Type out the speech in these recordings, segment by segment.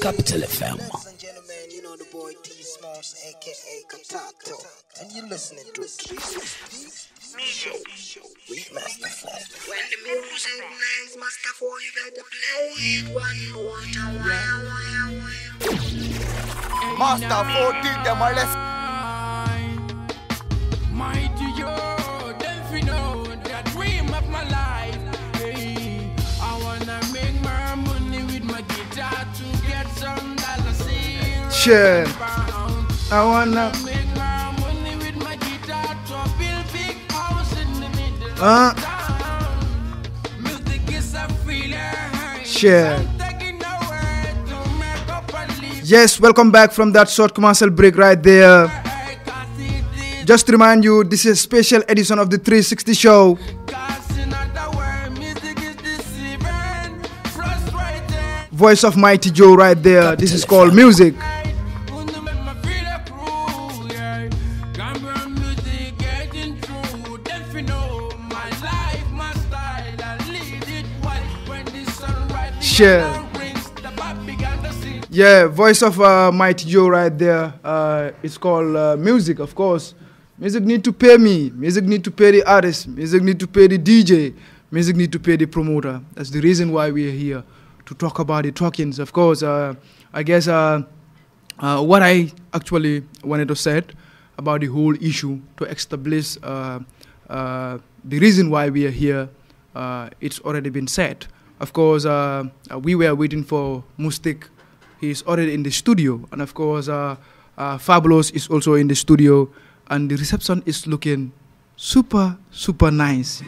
Capital FM. Ladies and gentlemen, you know the boy T Smalls, aka Katato, and you're listening to Show. master Remaster When the music plays, Master 4, you got to play it one more time. Master 4 did them all less. Mighty share. I wanna. Huh? Share. Yes, welcome back from that short commercial break right there. Just to remind you, this is a special edition of the 360 show. Voice of Mighty Joe right there. This is called music. Michelle. Yeah, voice of uh, Mighty Joe right there. Uh, it's called uh, music, of course. Music need to pay me. Music need to pay the artist. Music need to pay the DJ. Music need to pay the promoter. That's the reason why we are here to talk about the talkings. Of course, uh, I guess uh, uh, what I actually wanted to say about the whole issue to establish uh, the reason why we are here. it's already been said of course, uh, uh, we were waiting for Mustik. He's already in the studio, and of course, uh, uh, Fabulous is also in the studio, and the reception is looking super, super nice.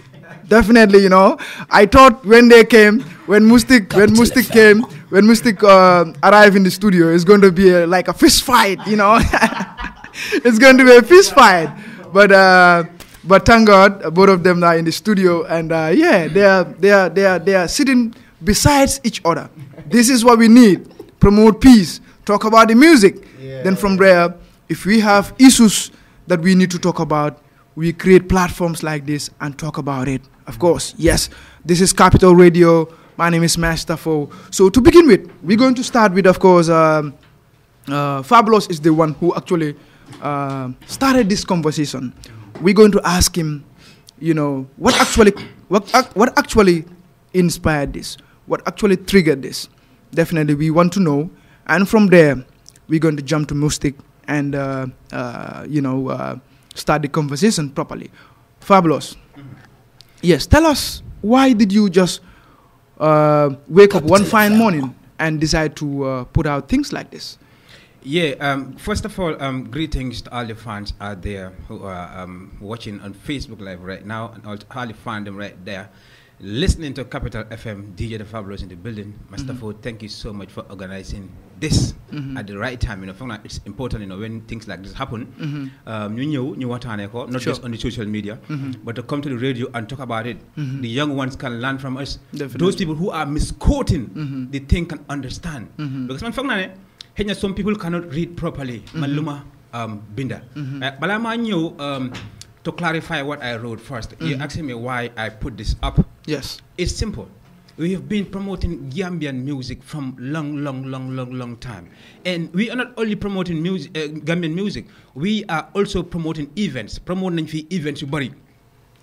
Definitely, you know. I thought when they came, when Mustik, when Mustik came, when Mustik uh, arrived in the studio, it's going to be a, like a fist fight, you know. it's going to be a fist fight, but. Uh, but thank God, both of them are in the studio, and uh, yeah, they are they are they are they are sitting besides each other. This is what we need: promote peace, talk about the music. Yeah. Then from there, if we have issues that we need to talk about, we create platforms like this and talk about it. Of course, yes, this is Capital Radio. My name is Master Fo. So to begin with, we're going to start with, of course, um, uh, Fabulous is the one who actually uh, started this conversation we're going to ask him, you know, what actually, what, what actually inspired this? What actually triggered this? Definitely, we want to know. And from there, we're going to jump to Mustik and, uh, uh, you know, uh, start the conversation properly. Fabulous. Mm -hmm. Yes, tell us why did you just uh, wake Capital up one fine morning and decide to uh, put out things like this? Yeah, um, first of all, um, greetings to all the fans out there who are um, watching on Facebook Live right now, and all, the fandom right there, listening to Capital FM, DJ The Fabulous in the building. Master mm -hmm. Ford, thank you so much for organizing this mm -hmm. at the right time. You know, it's important, you know, when things like this happen, mm-hmm. um, you knew, you what not sure. just on the social media, mm -hmm. but to come to the radio and talk about it. Mm -hmm. The young ones can learn from us. Definitely. Those people who are misquoting, mm-hmm. the thing can understand. Mm-hmm. Because man, eh? xëy some people cannot read properly. Mm-hmm. Maluma lu um, ma binda. Mm-hmm. Uh, balaa maa um, to clarify what I wrote first. You mm-hmm. asked me why I put this up. Yes. It's simple. We have been promoting Gambian music from long, long, long, long, long time. And we are not only promoting music, uh, Gambian music, we are also promoting events, promoting events you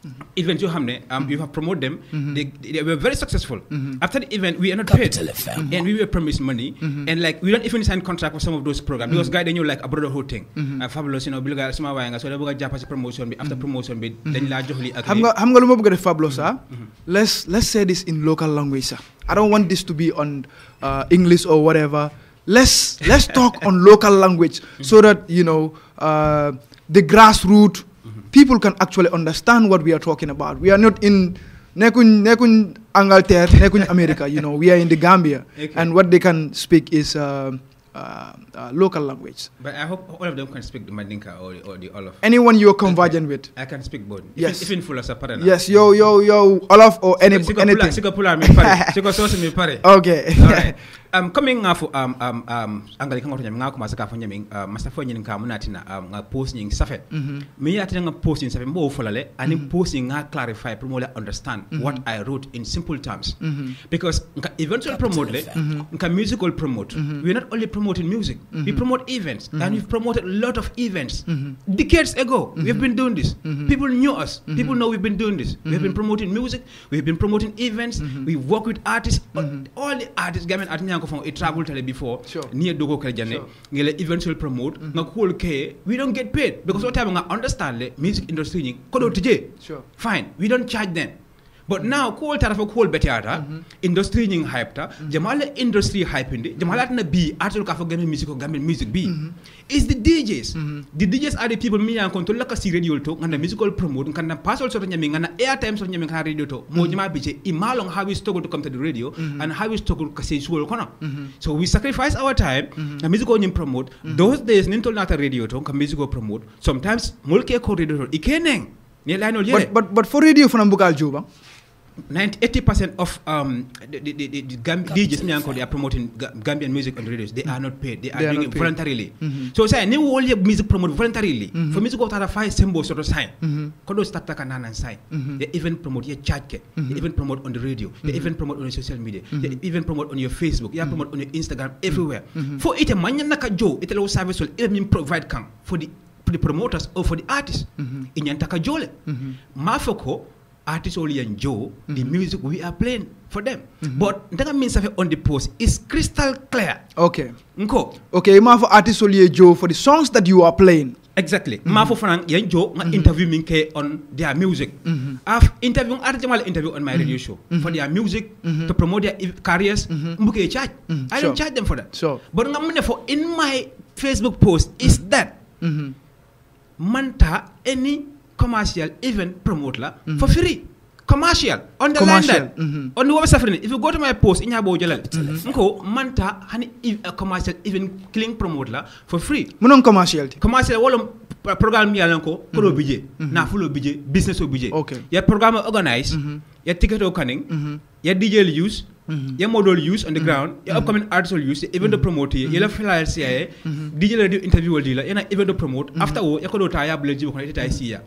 Mm-hmm. Event you have, um, you have promoted them. Mm-hmm. They, they were very successful. Mm-hmm. After the event, we are not Capital paid, FM. and we were promised money, and like we don't even sign contract for some of those programs because guy they knew like abroad the whole thing. Uh, fabulous, you know, bilga sama wayanga so they buga japa promotion after promotion bi dañ la jox li ak. xam to xam fabulous Let's let's say this in local language sir. I don't want this to be on uh, English or whatever. Let's let's talk on local language so that you know uh, the grassroots people can actually understand what we are talking about. We are not in Nekuñ, Nekuñ Angleterre, Nekuñ America, you know, we are in the Gambia. Okay. And what they can speak is uh, uh, uh, local language. But I hope all of them can speak the Mandinka or, or the Olaf. Anyone you're convergent with. I can speak both. Yes. Even full as a partner. Yes, yo, yo, yo, Olaf or any, anything. Okay. All right. um kami nga fo um um um angali kangoto nyam nga ko masaka fo nyam uh, masa fo nyin ka munatina um, nga post nyin safe mm -hmm. mi nga post nyin safe mbo folale ani mm-hmm. post nga clarify pour mo understand mm-hmm. what i wrote in simple terms mm-hmm. because nga eventual promote le nga musical promote we're not only promoting music we promote events and we've promoted a lot of events decades ago we've been doing this people knew us people know we've been doing this we've been promoting music we've been promoting events we work with artists all, the artists gamen at francophone it traveled to before sure. near dogo kala janne ngela eventual promote mm-hmm. nga cool ke we don't get paid because what time nga understand the music industry ni kodo mm-hmm. tije fine we charge them but now ko tara fo ko betiyata mm-hmm. industry nying hype ta mm-hmm. jamala industry hype ndi jamala tana bi atul ka fo musique music ko gambe music bi mm-hmm. is the DJs the DJs are the people me yan control ka si radio to ngana musical promote ngana passol soto ñami ngana airtime soto ñami ngana radio to mo jama bi je imalong how we struggle to come to the radio and how we struggle ka se suol kono so we sacrifice our time na musical nyim promote those days nintol nata radio to ka musical promote sometimes mulke ko radio to ikeneng but, but, but for radio fana mbugal juba 90, 80% of um, the, the, the, the Gam- DJs they are promoting Ga- Gambian music on the radios. They are not paid. They are doing it paid. voluntarily. Mm-hmm. So say, new all your music promote voluntarily. Mm-hmm. For music, what are five symbols sort of sign? Mm-hmm. Kodo start kanan and sign. Mm-hmm. They even promote your chat. They mm-hmm. even promote on the radio. They even promote on your social media. They even promote on your Facebook. They promote on your Instagram. Everywhere. For it, a manyan naka joe, it allows service will even provide come for the for the promoters or for the artists. in hmm Inyantaka jole. Mm-hmm artists only enjoy mm-hmm. the music we are playing for them. Mm-hmm. But that means on the post is crystal clear. Okay. Nko. Okay, you for artists only enjoy for the songs that you are playing. Exactly. Mm-hmm. for Frank Yenjo mm-hmm. interview me on their music. Mm-hmm. I've interviewed interview on my mm-hmm. radio show mm-hmm. for their music mm-hmm. to promote their careers. Mm-hmm. charge. I don't charge them for that. Sure. But for in my Facebook post is that manta any commercial event promote la mm -hmm. for free commercial on the commercial. line mm -hmm. on the website free if you go to my post inya bo jalal mhm. nko manta hani commercial event killing promote la for free munon commercial commercial wala uh, programme yalla ko pro mhm. budget mhm. na fulo budget business o budget okay ya programme organize ya ticket o yeah DJ use, mm model use on the mm-hmm. ground, yeah mm-hmm. upcoming artists will use, yeah, even the promoter, yeah left flyer CIA, DJ will do interview will deal, yeah even the promote. After all, yeah kodo taya bule jibu kwenye taya siya.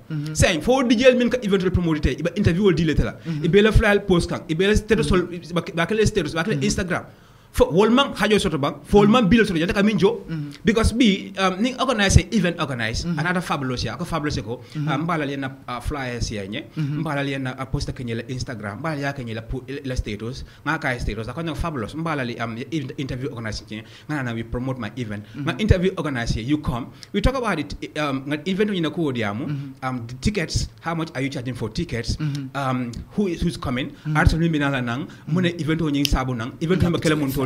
Saying for DJ will mean even the promote taya, iba interview will deal tela, iba left flyer post kang, iba status bakale status bakale Instagram. fo wolman hajo soto bang fo wolman bilo soto jata kamin jo mhm. because bi um, ning organize event organize mm a anata fabulous ya ko fabulous ko mm -hmm. uh, flyers ya nye mm -hmm. mbala lena ah, kenye la instagram mbala ya kenye la, status nga ka status akon fabulous mbala li um, interview organize kenye nga na we promote my event mm interview organize here you come we talk about it um, event nyina ko diamu mm -hmm. um, the tickets how much are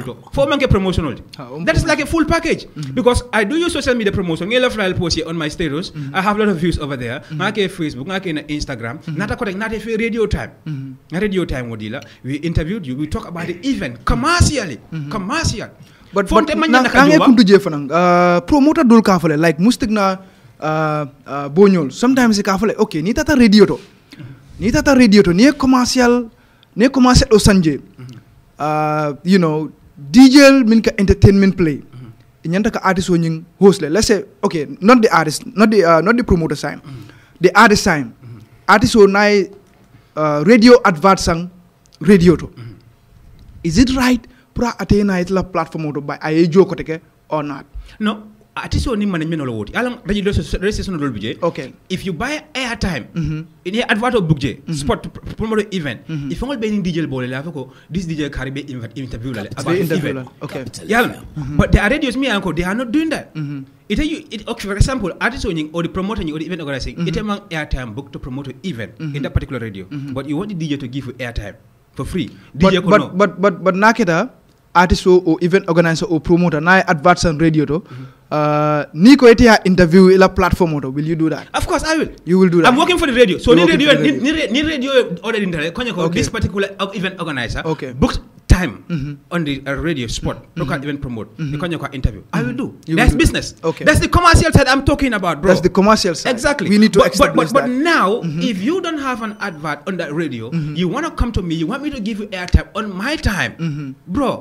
For foo promotional that is like a full package mm-hmm. because I do use social media promotion ngay la fly post on my status mm-hmm. I have a lot of views over there mm-hmm. ngaa kee Facebook ngaa kee na Instagram Not ko rek not a radio time radio time wo la we interviewed you we talk about the event commercially commercial but for but nange kundu je fanan uh, promoter dol ka fale like mustik na uh, uh, bonyol sometimes ka fale okay ni tata radio to ni tata radio to ni commercial ni commercial o sanje you know DJL minka entertainment play nyanta ka artist wo nying host le let's say okay not the artist not the uh, not the artist sign artist wo nai uh, radio advert sang to is it right pra atena itla platform to by ayejo koteke or not artist oni man men olowoti alam dañi registration dol budget okay if you buy airtime mm-hmm. ini advert book je mm-hmm. spot promote event mm-hmm. if ngol beni dj bole la ko this dj carry karibe interview la about interview event. okay yeah mm-hmm. but the radios me anko they are not doing that mm-hmm. ite you it, okay, for example artist onying or the promoter or the event organizer mm-hmm. ite mang airtime book to promote event mm-hmm. in that particular radio mm-hmm. but you want the dj to give you airtime for free DJ but, but, no. but but but but nakeda artist o event organizer or promoter na on radio to uh, ni ko ite ha interview ila platform to will you do that of course i will you will do that i'm working for the radio so ni radio, radio. Ni, ni, radio already internet ko this particular event organizer okay. booked time mm -hmm. on the uh, radio spot mm -hmm. local event promote mm -hmm. konye ko interview mm -hmm. i will mm-hmm. do you that's will business okay that's the commercial side i'm talking about bro that's the commercial side exactly we need to but, but, but, but now mm -hmm. if you don't have an advert on that radio mm -hmm. you want to come to me you want me to give you airtime on my time mm -hmm. bro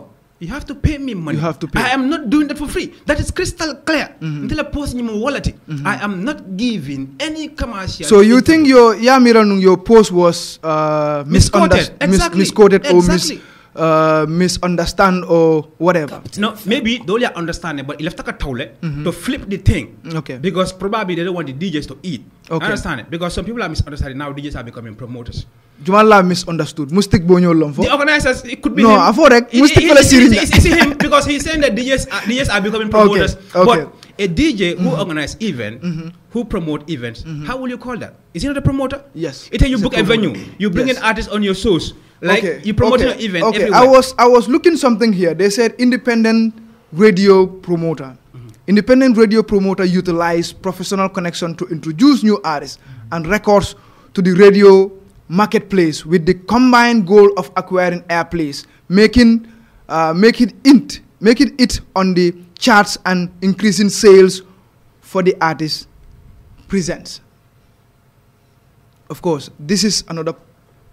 you have to pay me money. You have to pay. I am not doing that for free. That is crystal clear. Mm-hmm. Until I post in my wallet, mm-hmm. I am not giving any commercial. So you think your yeah, Miranung, your post was uh, misquoted, exactly. misquoted or mis- uh, misunderstand or whatever. No, maybe they only understand it, but he have to towle to flip the thing. Okay. Because probably they don't want the DJs to eat. Okay. I understand it. Because some people are misunderstanding now DJs are becoming promoters. You Jumala misunderstood. Mustik Bonyo Lomfo. The organizers, it could be no, him. No, I Mustik Fela Sirinya. It's, him because he's saying that DJs are, DJs are becoming promoters. Okay. okay. But a DJ who mm -hmm. organizes event, mm -hmm. who promote events, mm -hmm. how will you call that? Is he not a promoter? Yes. It's you it's book a, a venue, you bring yes. an artist on your shows. Like okay. you okay. your event. Okay, everywhere. I was I was looking something here. They said independent radio promoter. Mm -hmm. Independent radio promoter utilize professional connection to introduce new artists mm -hmm. and records to the radio marketplace with the combined goal of acquiring airplays, making uh, make it int making it on the charts and increasing sales for the artist presents. Of course, this is another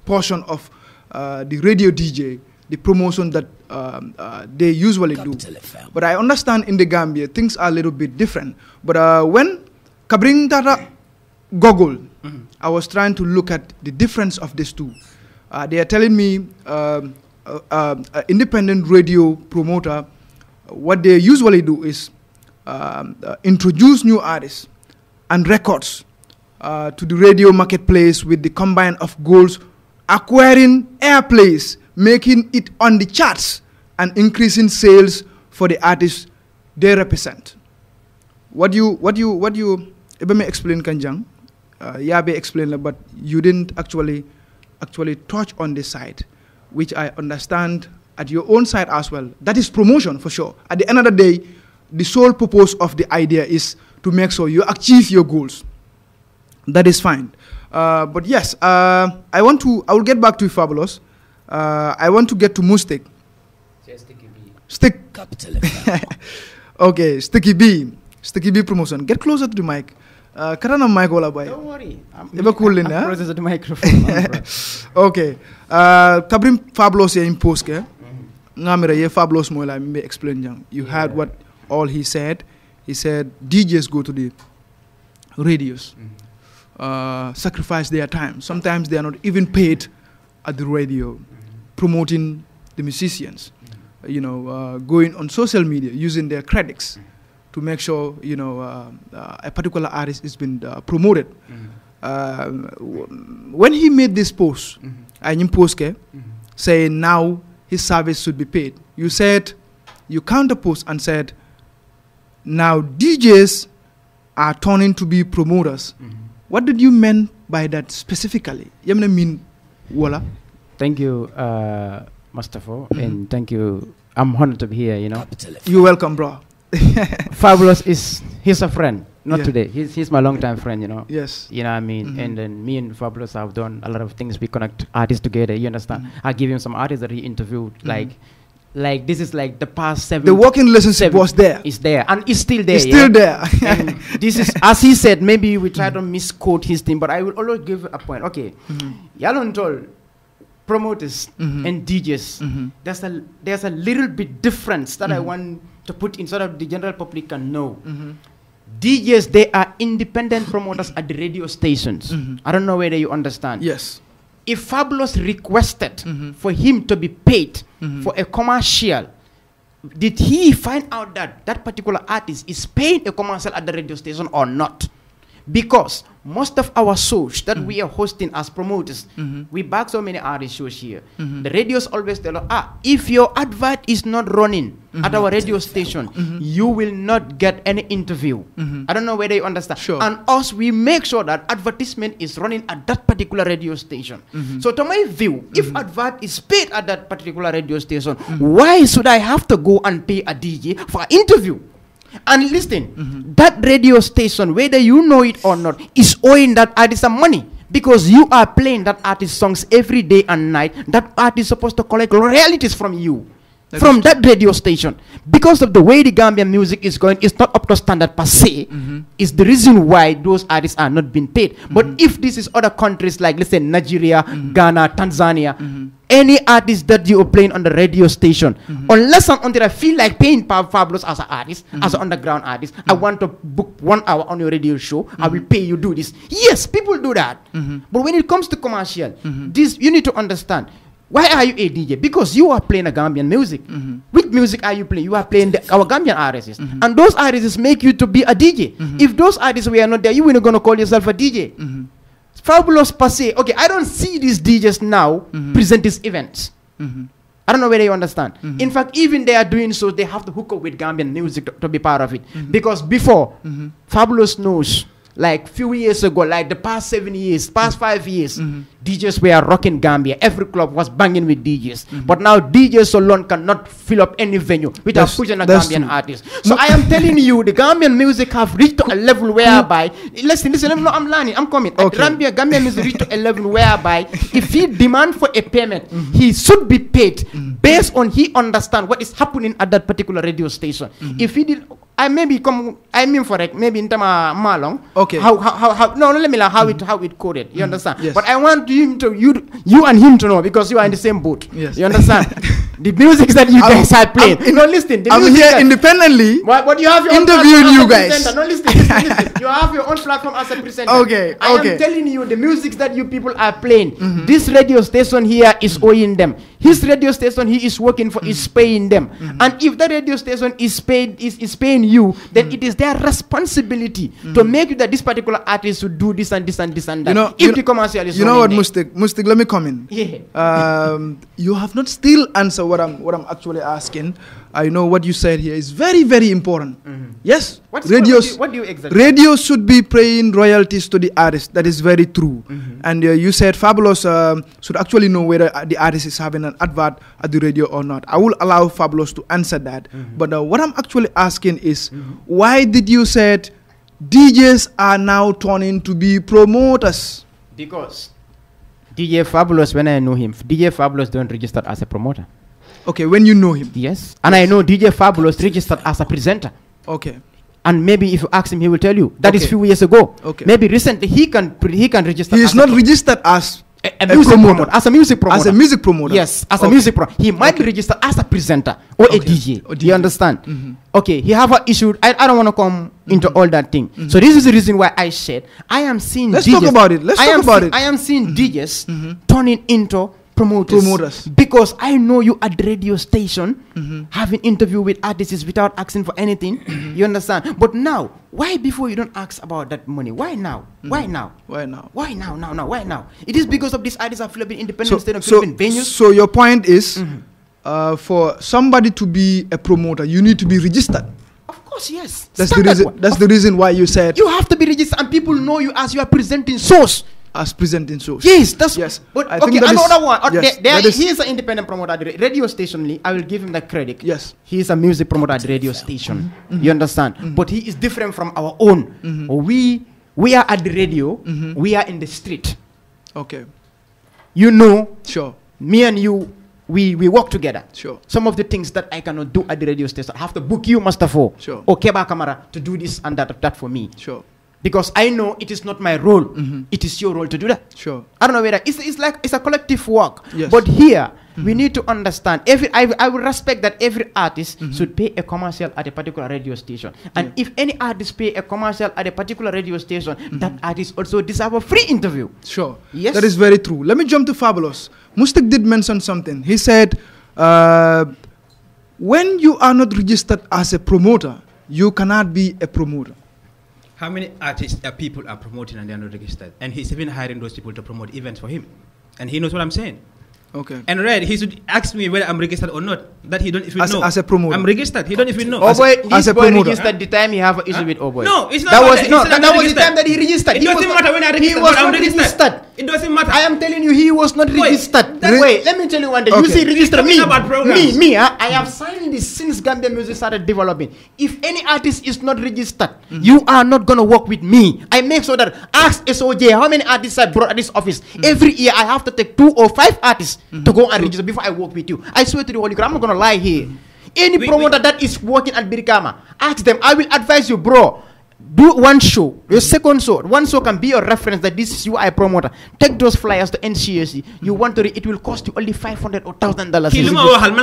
portion of uh, the radio DJ, the promotion that um, uh, they usually Capital do. FM. But I understand in the Gambia things are a little bit different. But uh, when Kabring Tata Google, mm -hmm. I was trying to look at the difference of these two. Uh, they are telling me um, uh, um, an independent radio promoter, what they usually do is um, uh, introduce new artists and records to the radio marketplace with the combine of goals acquiring airplays, making it on the charts, and increasing sales for the artists they represent. What you, what you, what you, let me explain Kanjang. Uh, Yabe explained, but you didn't actually, actually touch on this side, which I understand at your own side as well. That is promotion for sure. At the end of the day, the sole purpose of the idea is to make sure you achieve your goals. That is fine. Uh, but yes, uh, I want to. I will get back to Fabulous. Uh, I want to get to Mustik. Stick. Capital. okay, Sticky B. Sticky B promotion. Get closer to the mic. Uh, Karana Don't worry. I'm, I'm, cool I'm closer to the microphone. okay. Uh, Fabulous here in post. Eh? Mm-hmm. Namira ye Fabulous mo la me explain jang. You heard what all he said. He said DJs go to the radios. Mm -hmm. Uh, sacrifice their time. Sometimes they are not even paid at the radio, promoting the musicians, you know, uh, going on social media, using their credits to make sure, you know, uh, uh a particular artist has been uh, promoted. Mm -hmm. when he made this post, mm -hmm. Poske, mm -hmm. saying now his service should be paid, you said, you counterposed and said, now DJs are turning to be promoters. Mm -hmm what did you mean by that specifically? I mean wala? Thank you, uh, Mustafa, mm-hmm. and thank you. I'm honored to be here, you know. You're welcome, bro. Fabulous is, he's a friend. Not yeah. today. He's, he's my longtime friend, you know. Yes. You know what I mean? Mm -hmm. And then me and Fabulous have done a lot of things. We connect artists together, you understand? Mm -hmm. I give him some artists that he interviewed, mm -hmm. like like this is like the past seven. The working relationship was there. Is there and it's still there. It's yeah? still there. this is as he said. Maybe we try mm to misquote his thing, but I will always give a point. Okay, mm-hmm. Yalon told promoters mm -hmm. and DJs. Mm -hmm. There's a there's a little bit difference that I mm-hmm. want to put in so that the general public can know. Mm-hmm. DJs they are independent promoters at the radio stations. Mm-hmm. I don't know whether you understand. Yes if Fabulous requested mm-hmm. for him to be paid mm-hmm. for a commercial, did he find out that that particular artist is paying a commercial at the radio station or not? because most of our shows that mm. we are hosting as promoters, mm -hmm. we back so many artist shows here. Mm -hmm. The radios always tell us, ah, if your advert is not running -hmm. at mm-hmm. our radio station, mm-hmm. you will not get any interview. Mm-hmm. I don't know whether you understand. Sure. And us, we make sure that advertisement is running at that particular radio station. So to my view, if advert is paid at that particular radio station, why should I have to go and pay a DJ for an interview? And listen, mm -hmm. that radio station, whether you know it or not, is owing that artist some money because you are playing that artist songs every day and night. That artist is supposed to collect royalties from you that from that radio station because of the way the Gambian music is going it's not up to standard per se mm -hmm. is the reason why those artists are not being paid mm -hmm. but mm-hmm. if this is other countries like let's say Nigeria mm -hmm. Ghana Tanzania mm-hmm. any artist that you are playing on the radio station mm-hmm. unless and until I feel like paying Pab Fabulous as an artist as an underground artist I want to book one hour on your radio show I will pay you do this yes people do that but when it comes to commercial this you need to understand why are you a DJ? Because you are playing a Gambian music. Mm -hmm. Which music are you playing? You are playing the, our Gambian artists, mm -hmm. and those artists make you to be a DJ. Mm-hmm. If those artists were not there, you were not gonna call yourself a DJ. Mm-hmm. Fabulous passe. Okay, I don't see these DJs now mm-hmm. present these events. I don't know whether you understand. Mm -hmm. In fact, even they are doing so, they have to hook up with Gambian music to, to be part of it. Mm -hmm. Because before, mm -hmm. Fabulous knows, like few years ago, like the past seven years, past five years, DJs were rocking Gambia. Every club was banging with DJs. Mm -hmm. But now DJs alone cannot fill up any venue without that's, pushing a Gambian true. artist. So I am telling you, the Gambian music have reached a level mm. whereby, listen, listen, know. I'm learning, I'm coming. Okay. Gambia, Gambian music reached a level whereby if he demand for a payment, mm -hmm. he should be paid mm -hmm. based on he understand what is happening at that particular radio station. Mm-hmm. If he did I maybe come I mean for like maybe in term uh, malong. Okay. How, how how how no, no let me like how it how it coded. You mm-hmm. understand? Yes. But I want him to you you and him to know because you are in the same boat. Yes. You understand? the music that you I'm, guys are playing. I'm, you know, listen. I'm here independently. What, but you have your interviewing you guys. No, listen, listen, listen. You have your own platform as a presenter. Okay. I am telling you, the music that you people are playing. Mm -hmm. This radio station here is owing them. His radio station he is working for is mm. paying them. Mm. And if the radio station is paid is, is paying you, then mm. it is their responsibility to make you that this particular artist should do this and this and this and that. You know, if you the commercial is You know what, Mustik? Mustik, let me come in. Yeah. Um, you have not still answered what I'm what I'm actually asking. I know what you said here is very, very important. Mm -hmm. Yes? What's, what, do you, what do you exactly Radio should be paying royalties to the artist. That is very true. Mm -hmm. And uh, you said Fabulous uh, should actually know whether uh, the artist is having an advert at the radio or not. I will allow Fabulous to answer that. Mm -hmm. But uh, what I'm actually asking is mm-hmm. why did you said DJs are now turning to be promoters? Because DJ Fabulous, when I knew him, DJ Fabulous don't register as a promoter. Okay, when you know him. Yes. And yes. I know DJ Fabulous registered as a presenter. Okay. And maybe if you ask him, he will tell you. that okay. is few years ago. Okay. Maybe recently he can he can register. He is not registered as a, a, music promoter. promoter. as a music promoter. As a music promoter. Yes, as okay. a music promoter. He might okay. be registered as a presenter or okay. a DJ. Or DJ. You understand? Mm -hmm. Okay, he have an issue. I, I don't want to come mm -hmm. into all that thing. Mm -hmm. So this is the reason why I said I am seeing. Let's DJs. talk about it. Let's I talk about see, it. I am seeing mm-hmm. DJs mm-hmm. turning into promoters, promoters. because I know you at radio station mm-hmm. having interview with artists without asking for anything. Mm-hmm. You understand? But now, why before you don't ask about that money? Why now? Mm-hmm. Why now? Why now? Why now? Now now? Why now? It is because of these artists are Philippine independent so, of so, venues. So your point is, mm-hmm. uh, for somebody to be a promoter, you need to be registered. Of course, yes. That's Standard the reason. One. That's of the reason why you said you have to be registered, and people know you as you are presenting source as presenting in shows. Yes, that's yes. But I okay, another is, one. yes, there, he is an independent promoter at radio station. I will give him the credit. Yes, he is a music promoter at radio station. Mm -hmm. You understand? Mm -hmm. But he is different from our own. Mm -hmm. We we are at the radio. Mm-hmm. We are in the street. Okay. You know. Sure. Me and you. We, we work together. Sure. Some of the things that I cannot do at the radio station, I have to book you, Master Four, sure. or Keba Kamara, to do this and that, that for me. Sure because I know it is not my role. Mm-hmm. It is your role to do that. Sure. I don't know whether it's, it's like it's a collective work. Yes. But here mm-hmm. we need to understand every I, I would respect that every artist mm-hmm. should pay a commercial at a particular radio station. And yeah. if any artist pay a commercial at a particular radio station, mm-hmm. that artist also deserve a free interview. Sure. Yes. That is very true. Let me jump to Fabulous. Mustik did mention something. He said uh, when you are not registered as a promoter, you cannot be a promoter how many artists uh, people are promoting and they are not registered? And he's even hiring those people to promote events for him. And he knows what I'm saying. Okay. And red, he should ask me whether I'm registered or not. That he don't even as, know. As a promoter. I'm registered. He don't even know. Oh boy, as, as a promoter. registered the time he have an issue huh? with oh boy. No, it's not. That was no. That, that was the time that he registered. It he doesn't matter when I registered. He was not registered. registered. It doesn't matter. I am telling you, he was not registered. Wait, Wait let me tell you one thing. Okay. You see, register me. Me, me. Huh? I have signed this since Gambian music started developing. If any artist is not registered, mm -hmm. you are not gonna work with me. I make sure that ask SOJ how many artists I brought at this office. Mm -hmm. Every year I have to take two or five artists mm -hmm. to go and register before I work with you. I swear to the Holy God, I'm not gonna lie here. Any promoter that is working at Birikama, ask them. I will advise you, bro do one show, your second show. One show can be your reference that this is you I promoter. Take those flyers to NCSC. You want to, re- it will cost you only 500 or $1,000.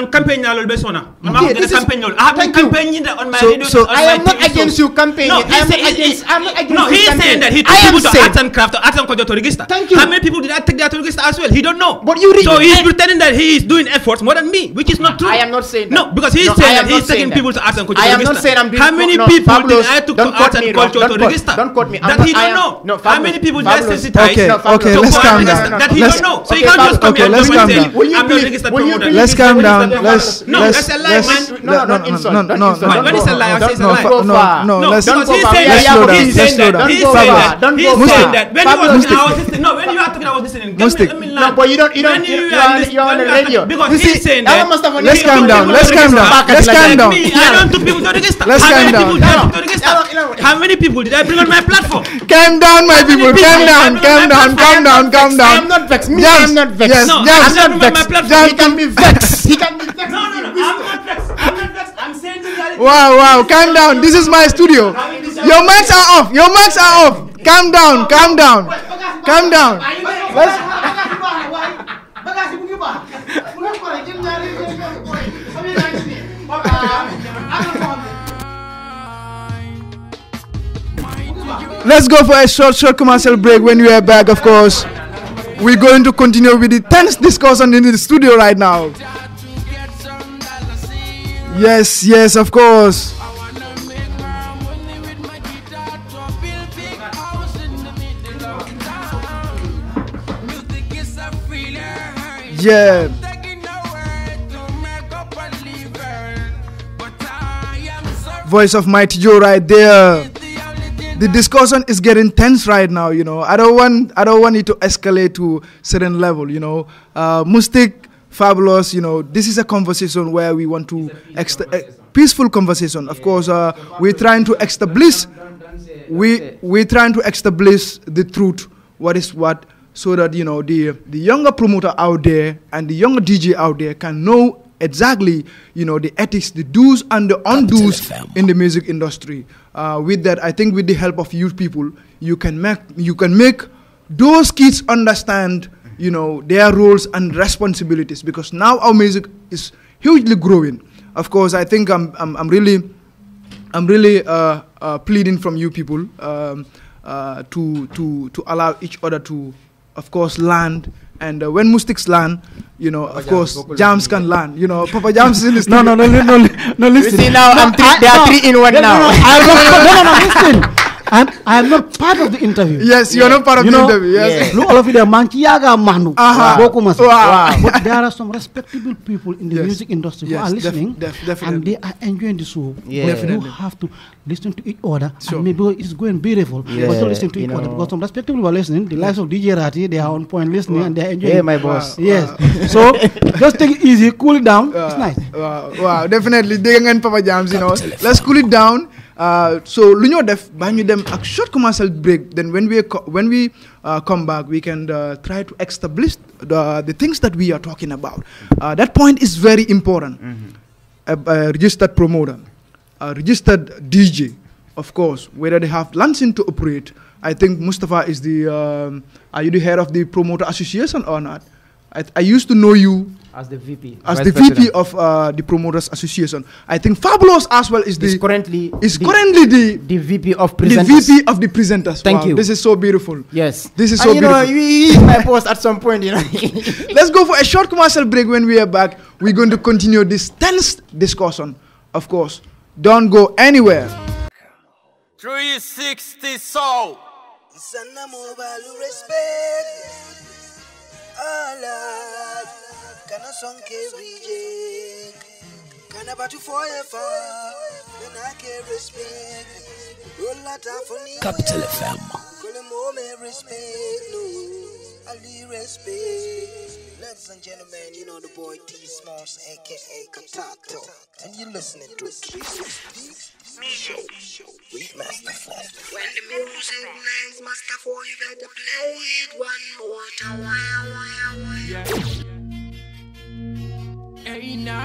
campaign okay, is, campaign ah, campaigning on my so, I am not against show. you campaigning. No, I am not against, No, he's saying that he took people to arts and craft or arts and culture to register. Thank you. How many people did I take there to register as well? He don't know. But you read So he's pretending that he is doing efforts more than me, which is not true. I am not saying that. No, because he's saying that he's taking people to arts and culture I am not saying I'm How many people did I took to arts and don't culture don't to register. Don't quote me. I'm that he don't know. No, How many people fabulous. just sensitized? Okay, no, okay, Okay. let's calm down. That he don't know. So you can't just come here and say, I'm not registered promoter. Let's calm down. Let's let no, that's a lie, man. No, no, no, insult. No, no, no. When it's a lie, I say it's a lie. No, no, let's slow down. He's saying that. He's saying that. He's saying that. When you were talking, I was listening. No, when you were talking, I was listening. Let me no, but you don't. You don't. You, are on, you're on the radio. Because you see, saying that. Eh, let's calm down. Let's calm down. Let's calm down. I don't do people to register. Let's calm down. How many people did I bring on my platform? Calm down, my people. Calm down. Calm down. Calm down. Calm down. I'm not vexed. Me, I'm not vexed. Yes, yes. I'm not vexed. He can be vexed. He can be vexed. No, no, no. I'm not vexed. I'm not vexed. I'm saying to Wow, wow. Calm down. This is my studio. Your mics are off. Your mics are off. Calm down. Calm down. Calm down. Let's. Let's go for a short, short commercial break. When we are back, of course, we're going to continue with the tense discussion in the studio right now. Yes, yes, of course. jam. Voice of Mighty Joe right there. The discussion is getting tense right now, you know. I don't want I don't want it to escalate to certain level, you know. Uh, Mustik, fabulous, you know. This is a conversation where we want to eh, peaceful conversation. Of course, uh, we're trying to establish we we're trying to establish the truth. What is what? so that you know the the younger promoter out there and the younger DJ out there can know exactly you know the ethics the do's and the undo's in the music industry uh, with that i think with the help of youth people you can make you can make those kids understand you know their roles and responsibilities because now our music is hugely growing of course i think i'm i'm, I'm really i'm really uh, uh, pleading from you people um, uh, to to to allow each other to of course, land. And uh, when Mustiks land, you know, Papa of course, Jams can land. You know, Papa Jams is no, no, no, no, no, no, listen. You see now, I'm three, I, there are three in one no, now. No, no, no, no, no, listen. I'm, I'm not part of the interview. Yes, you're yeah. not part of you the know? interview. Yes. Look, all of you there, manchi yaga mahnu. Uh-huh. Wow. But there are some respectable people in the yes. music industry yes. who are listening, def def and they are enjoying the show. Yeah. Definitely. You have to listen to each other. Sure. And maybe it's going beautiful, yeah. but don't listen to you each know. other because some respectable people are listening. The lives of DJ Rati, they are on point listening, wow. and they are enjoying. Yeah, my boss. Wow. Yes. Wow. so just take it easy, cool it down. Wow. It's nice. Wow, wow. definitely. Digging and Papa Jams, you know. Let's cool it down. Uh, so lu ñoo def ba ñu dem ak short commercial break then when we when we uh, come back we can uh, try to establish the, the things that we are talking about uh, that point is very important mm -hmm. a, a, registered promoter a registered dj of course whether they have license to operate i think mustafa is the um, are you the head of the promoter association or not I, I used to know you as the VP. As President. of uh, the Promoters Association. I think Fabulous as well is the is currently is the, currently the the VP of presenters. The VP of the presenters. Thank wow, you. This is so beautiful. Yes. This is and ah, so you beautiful. Know, you know, my post at some point. You know. Let's go for a short commercial break. When we are back, we're going to continue this tense discussion. Of course, don't go anywhere. 360 soul. It's respect. Allah batu forever when I can respect roll for me capital fm respect no respect Ladies and gentlemen, you know the boy T Smalls, aka Katato, and you're listening to 360 with When the music plays, Master Four, you better play it one more time. Yeah day night.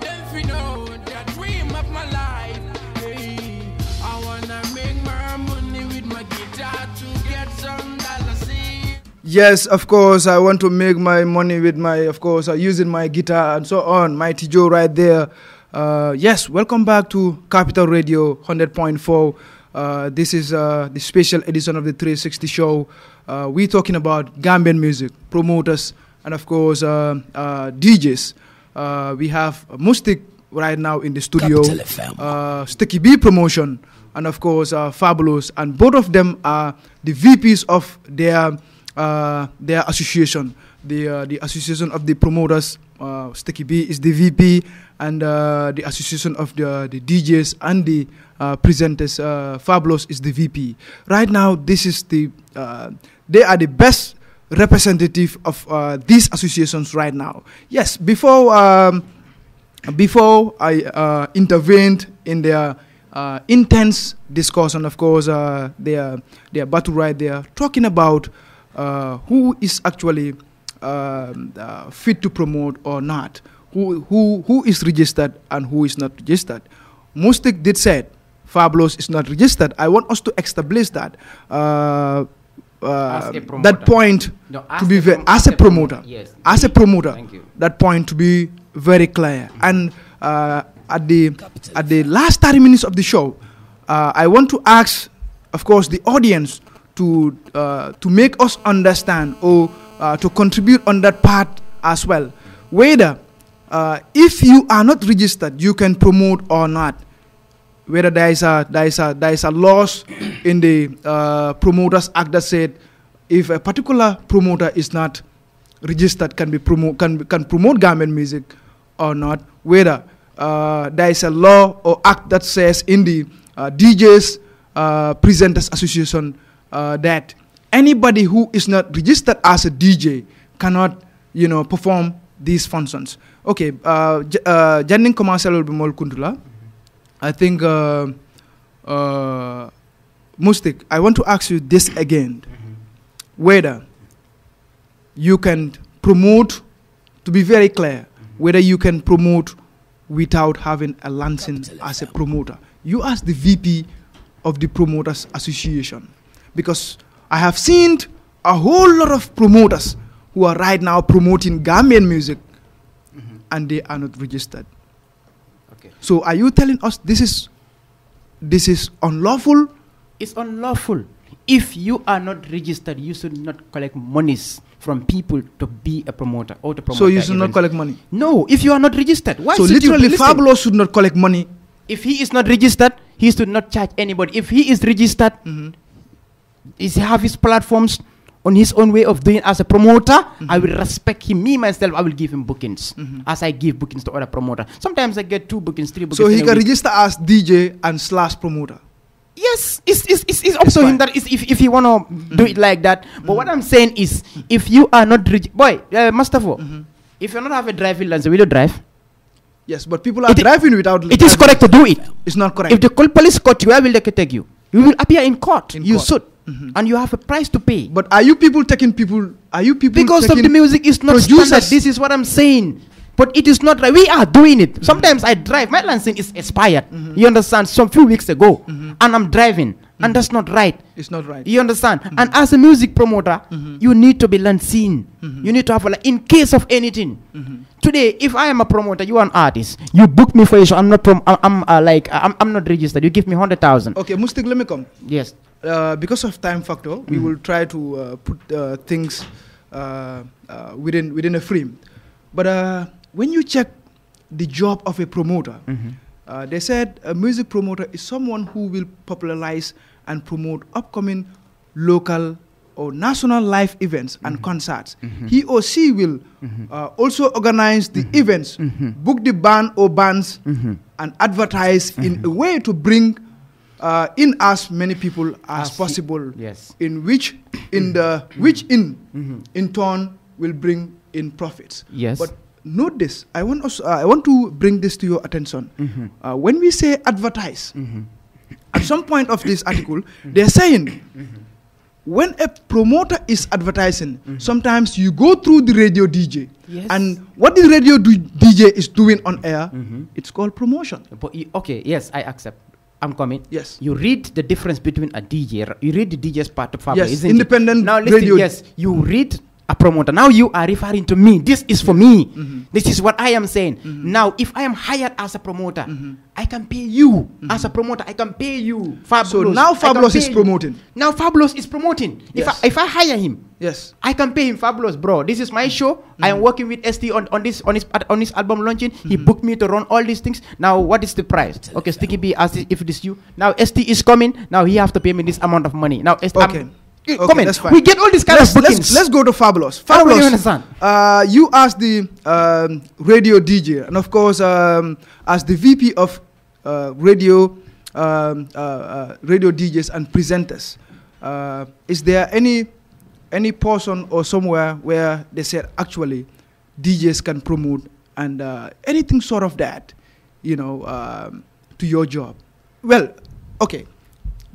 then we know dream of my life. Hey, I wanna make my money with my guitar to get some Yes, of course, I want to make my money with my, of course, uh, using my guitar and so on. Mighty Joe right there. Uh, yes, welcome back to Capital Radio 100.4. Uh, this is uh, the special edition of the 360 show. Uh, we're talking about Gambian music, promoters, and of course, uh, uh, DJs. Uh, we have Mustik right now in the studio, uh, Sticky B Promotion, and of course, uh, Fabulous. And both of them are the VPs of their, their association, the, the Association of the Promoters. Sticky B is the VP, and the Association of the, the DJs and the presenters, Fabulous is the VP. Right now, this is the they are the best representative of uh, these associations right now. Yes, before um, before I uh, intervened in their uh, intense discussion, of course, uh, their their battle right there, talking about uh, who is actually um, uh, fit to promote or not, who who who is registered and who is not registered. Mustik did said Fabulous is not registered. I want us to establish that. Uh, uh, that point no, to be very, as a promoter, yes. as a promoter, that point to be very clear. Mm -hmm. And uh, at the at the last 30 minutes of the show, uh, I want to ask, of course, the audience to uh, to make us understand or uh, to contribute on that part as well, whether uh, if you are not registered, you can promote or not whether there is a there is a there is a laws in the uh, promoters act that said if a particular promoter is not registered can be promote can can promote garment music or not whether uh, there is a law or act that says in the uh, DJs uh, presenters association uh, that anybody who is not registered as a DJ cannot you know perform these functions okay uh, uh, janning commencé lool bi mool I think uh, uh, Mustik, I want to ask you this again: whether you can promote, to be very clear, whether you can promote without having a license as a promoter. You are the VP of the Promoters Association, because I have seen a whole lot of promoters who are right now promoting Gambian music, mm -hmm. and they are not registered. Okay. So are you telling us this is this is unlawful? It's unlawful. If you are not registered, you should not collect monies from people to be a promoter or to promote. So you should not collect money. No, if you are not registered, why? So literally, Fablo should not collect money. If he is not registered, he should not charge anybody. If he is registered, mm -hmm. he have his platforms on his own way of doing as a promoter, mm -hmm. I mm-hmm. will respect him. Me myself, I will give him bookings mm -hmm. as I give bookings to other promoter. Sometimes I get two bookings, three bookings. So he can week. register as DJ and slash promoter. Yes, it's it's it's, it's up to him that is if if you wanna mm -hmm. do it mm-hmm. like that. But what mm-hmm. I'm saying is, if you are not boy, uh, Masterful, if you're not have a driving license, will you drive? Yes, but people are it driving without. It driving. is correct to do it. It's not correct. If the police caught you, where will they take you? You will appear in court. In you court. should. Mm-hmm. and you have a price to pay. But are you people taking people? Are you people because of the music is not producers. standard? This is what I'm saying. But it is not right. We are doing it. Mm-hmm. Sometimes I drive. My Lansing is expired. Mm-hmm. You understand? Some few weeks ago, mm-hmm. and I'm driving, and mm-hmm. that's not right. It's not right. You understand? Mm-hmm. And as a music promoter, you need to be seen. You need to have a like, in case of anything. Today, if I am a promoter, you are an artist. You book me for a show. I'm not prom- I'm, uh, like I'm, I'm not registered. You give me hundred thousand. Okay, Mustik, let me come. Yes. Uh, because of time factor, we hmm. will try to uh, put uh, things uh, uh, within within a frame. But when you check the job of a promoter, mm -hmm. they said a music promoter is someone who will popularize and promote upcoming local or national live events mm -hmm. and mm-hmm. concerts. -hmm. He or she will mm-hmm. also organize the mm-hmm. events, book the band or bands, and advertise in a way to bring uh, in as many people as, as possible. Yes. In which, in the which in, mm -hmm. in turn will bring in profits. Yes. But note this. I want us. Uh, I want to bring this to your attention. Mm -hmm. uh, when we say advertise, mm -hmm. at some point of this article, they're saying. Mm-hmm. When a promoter is advertising, mm-hmm. sometimes you go through the radio DJ, yes. and what the radio DJ is doing on air, mm-hmm. it's called promotion. But, okay, yes, I accept. I'm coming. Yes. You read the difference between a DJ. You read the DJ's part of Fabio, yes. isn't Independent it? Now listen. Radio. Yes. You read a promoter. Now you are referring to me. This is for me. Mm-hmm. This is what I am saying. Mm-hmm. Now, if I am hired as a promoter, mm-hmm. I can pay you mm-hmm. as a promoter. I can pay you. Fabulous. So now Fabulous is promoting. You. Now Fabulous is promoting. Yes. If I, if I hire him, Yes. I can pay him fabulous, bro. This is my mm. show. Mm. I am mm. working with ST on, on this on his on his album launching. Mm -hmm. He mm-hmm. booked me to run all these things. Now what is the price? Okay, Sticky B asked if it is you. Now ST is coming. Now he have to pay me this amount of money. Now ST Okay. I'm, eh, Okay, Come in. We get all these kind let's, of bookings. Let's, let's, go to Fabulous. Fabulous. You understand? Uh, you as the um, radio DJ, and of course, um, as the VP of uh, radio, um, uh, uh radio DJs and presenters, uh, is there any any person or somewhere where they said actually DJs can promote and uh, anything sort of that, you know, um, to your job. Well, okay,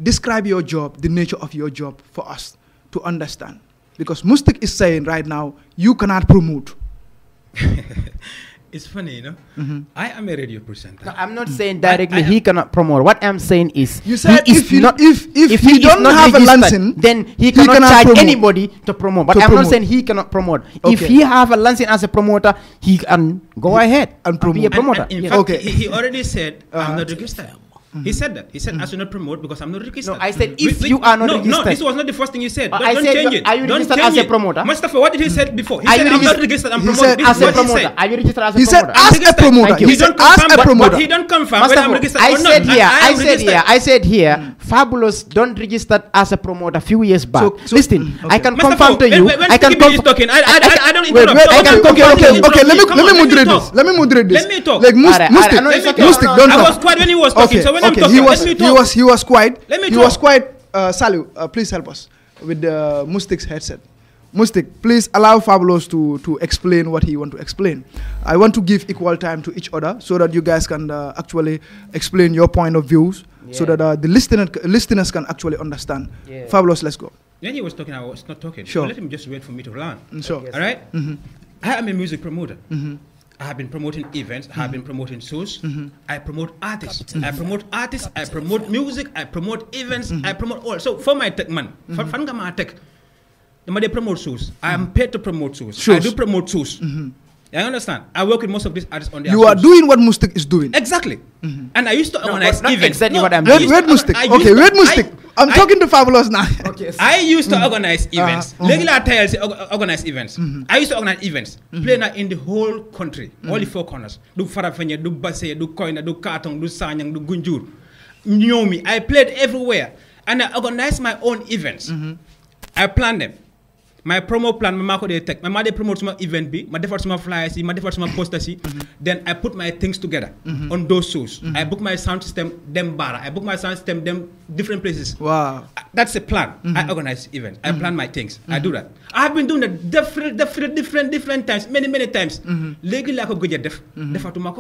describe your job, the nature of your job for us to understand. Because Mustik is saying right now, you cannot promote. it's funny, you know. Mm -hmm. I am a radio presenter. No, I'm not saying directly he cannot promote. What I'm saying is, you said if, you, not, if if if he, he don't have a license, then he cannot, he cannot charge promote. anybody to promote. But to I'm promote. not saying he cannot promote. Okay. If he have a license as a promoter, he can go he ahead and, promote. be a promoter. And, and in fact, okay. he, already said uh -huh. I'm uh-huh. not registered. Mm -hmm. He mm-hmm. said that. He said, mm -hmm. I should not promote because I'm not registered. No, I said, if we, we, you are not no, registered. No, this was not the first thing you said. do I don't said, change it. Are you don't registered as a promoter? Mustafa, what did he mm. say before? He are said, I'm not registered, I'm promoted. He said, as a promoter. Are you registered as a promoter? He said, as a promoter. He, he said, as a promoter. But he don't confirm whether I'm registered I said here, I said here, I said here, Fabulous don't registered as a promoter a few years back. So, so, Listen, mm, okay. I can Mr. confirm to you. When, when I can confirm. talking. I, I, I, I don't interrupt. Wait, wait, I can okay, okay, okay, okay. Let me let me moderate this. Let me moderate this. Let me talk. Like Mustik, Mustik, don't talk. I was quiet when he was talking. Okay, so when okay. I'm talking, he was, He was quiet. Let me talk. He was quiet. Uh, Salu, uh, please help us with the uh, headset. Mustik, please allow Fabulous to, to explain what he want to explain. I want to give equal time to each other so that you guys can uh, actually explain your point of views yeah. so that uh, the listener, listeners can actually understand. Yeah. Fabulous, let's go. he was talking, I was not talking. Sure. So let him just wait for me to learn. Mm, All right? Mm -hmm. I am a music promoter. Mm -hmm. I have been promoting events. I have mm-hmm. been promoting shows. Mm-hmm. I promote artists. I promote artists. I promote music. I promote events. Mm-hmm. I promote all. So for my tech man, mm -hmm. fan tech, promote shoes. I am mm-hmm. paid to promote shoes. shoes. I do promote shoes. Mm -hmm. I understand. I work with most of these artists on their. You are doing what Mustik is doing. Exactly. Mm -hmm. And I used to no, organize not events. Exactly no, what I'm doing. Red Mustik. Okay, Red Mustik. I'm I, talking to Fabulous now. Okay. I used to mm -hmm. organize events. Uh, Regular uh I organize events. Mm -hmm. I used to organize events. Mm-hmm. Playing in the whole country, mm-hmm. all the four corners. Do Farafanya. do Basse, do Koina, do Katong, do Sanyang, do Gunjur. Nyomi. me. I played everywhere. And I organized my own events. I planned them my promo plan my market ko my teg promote event b my defar suma flyers see, my defar suma posters see. then I put my things together mhm. on those shows mhm. I book my sound system them baara I book my sound system them different places wow that's a plan I mhm. organize event I plan my things I do that I have been doing that different different different different times many many times léegi laa ko gëj a def defatuma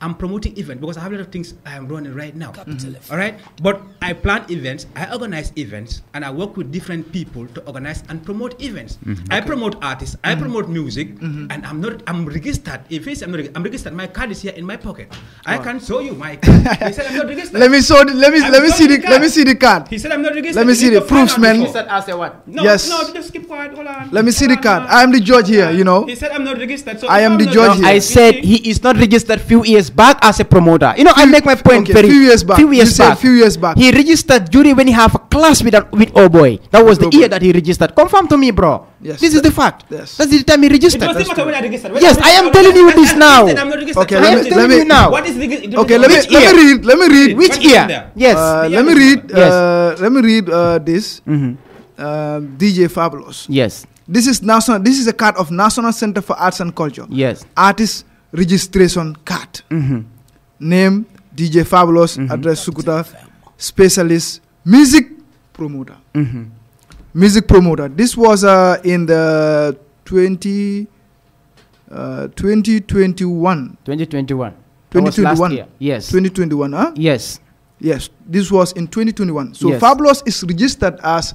I'm promoting events because I have a lot of things I am um, running right now. Mm-hmm. All right, but I plan events, I organize events, and I work with different people to organize and promote events. Mm-hmm. Okay. I promote artists, mm-hmm. I promote music, mm-hmm. and I'm not. I'm registered. If it's I'm, not, I'm registered, my card is here in my pocket. I can show you my. he said I'm not registered. let me show. The, let me I'm let me see the, Card. let me see the card. He said I'm not registered. Let me see the proofs, man. He said, "Ask what?" No, yes. No, just keep quiet. Hold on. Let me see the card. I am the judge here. You know. He said I'm not registered. So I am the judge here. I said he is not registered. Few years years back as a promoter. You know, few, I make my point okay, very few years back. Few years back. Few years back. He registered jury when he have a class with a, with oh boy. That was the oh year that he registered. Confirm to me, bro. Yes. This that, is the fact. Yes. That's the time he registered. It does when I registered. yes, I, am telling you this now. Okay, let me, let me, now. What is the, okay, let me let me read. Let me read. Which year? Uh, uh, yes. Let me read. Let me read this. Mm-hmm. Uh, DJ Fabulous. Yes. This is national. This is a card of National Center for Arts and Culture. Yes. Artists registration card. Mm -hmm. Name DJ Fabulous, mm -hmm. address Sukuta, specialist, music promoter. Mm -hmm. Music promoter. This was uh, in the 20, uh, 2021. 2021. 2021. Yes. 2021, huh? Yes. Yes. This was in 2021. So yes. Fabulous is registered as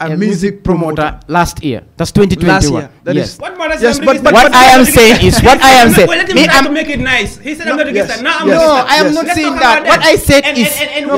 a music promoter last year. That's 2021. Last year. That yes. Is, what Madison yes, but, but, what I am saying is what I am saying. Let him Me, to make it nice. He said no, I'm going to yes, that. Now i yes, no, I am yes. not Let's saying that. What I said is and, no,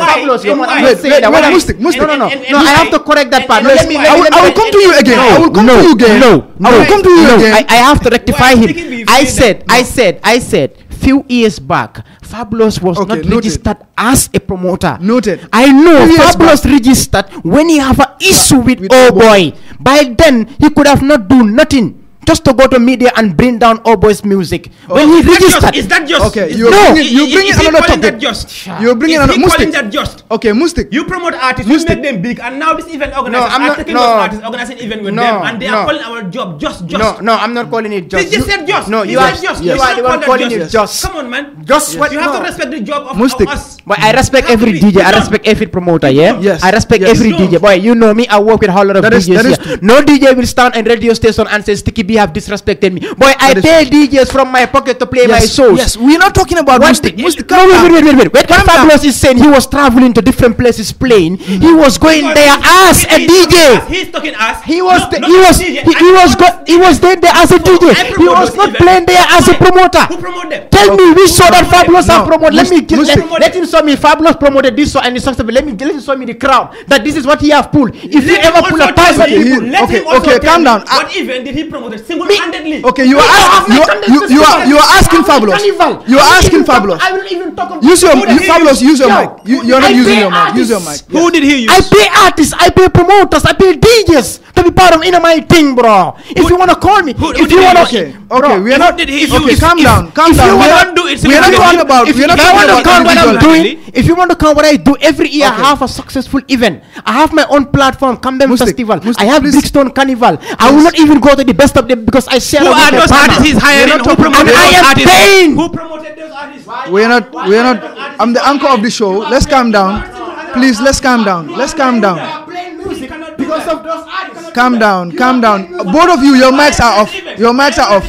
I'm wait, saying that. Mustik, Mustik. No, no, no. I have to correct that part. Let me. I will, I will come to you again. I will come to you again. No, I will come to you again. I have to rectify him. I said, I said, I said. few years back, Fabulous was okay, not noted. registered as a promoter. Noted. I know few Fabulous registered when he have an issue with, with Oh Boy. Boy. By then, he could have not do nothing. just to go to media and bring down All Boys Music. Oh. When he is registered. That is that just? Okay, you no. bringing. you bring is, is another topic. That just? You bringing. is another. calling that just? Okay, Mustik. You promote artists, Mustik. you make them big, and now this event organizer, no, I'm not, African artists organizing event with no, them, and they no. are calling our job just just. No, no, I'm not calling it just. They just said just. No, you, are just. You are the one calling it just. Come on, man. Just what? You have to respect the job of, us. But I respect every DJ. I respect every promoter. Yeah. Yes. I respect every DJ. Boy, you know me. I work with a whole lot of DJs. No DJ will stand in radio station and say sticky b have disrespected me. Boy, I pay DJs from my pocket to play yes, my shows. Yes, we're not talking about what Mustik. Mustik, no, wait, wait, wait, wait, wait. What Fabulous is saying, he was traveling to different places playing. mm He was going there as a DJ. He's talking as he was. No, the, he was. He, he was. Go, he was there, there as a DJ. He was not playing there as a promoter. Who promoted them? Tell me, we saw that Fabulous and promote. Let me let him show me. Fabulous promoted this show and the success. Let me let him show me the crowd that this is what he have pulled. If he ever pull a thousand, person, okay, okay, calm down. What event did he promote? single-handedly. Okay, you are, you, you, you, you are asking Fabulous. You are asking Fabulous. I will even talk about Use your you, Fabulous, use your mic. You, you are not using your mic. Use your mic. Who did he use? I pay artists, I pay promoters, I pay DJs to be part of in My Thing, bro. If you want to call me, if you want to. Okay, we are not. Okay, calm down, calm down. We are not talking about. We are not talking about what I'm doing. If you want to come, what I do every year, I have a successful event. I have my own platform, Kambem Festival. I have Big Stone Carnival. I will not even go to the best of the because I share. Who are those partner. artists he's hiring? Who promoted those artists? Paying. Who promoted those artists? we're not. We're not. I'm the anchor of the show. Let's calm down, please. Let's calm down. Let's calm down. Calm down. Calm down. Both of you, your mics are off. Your mics are off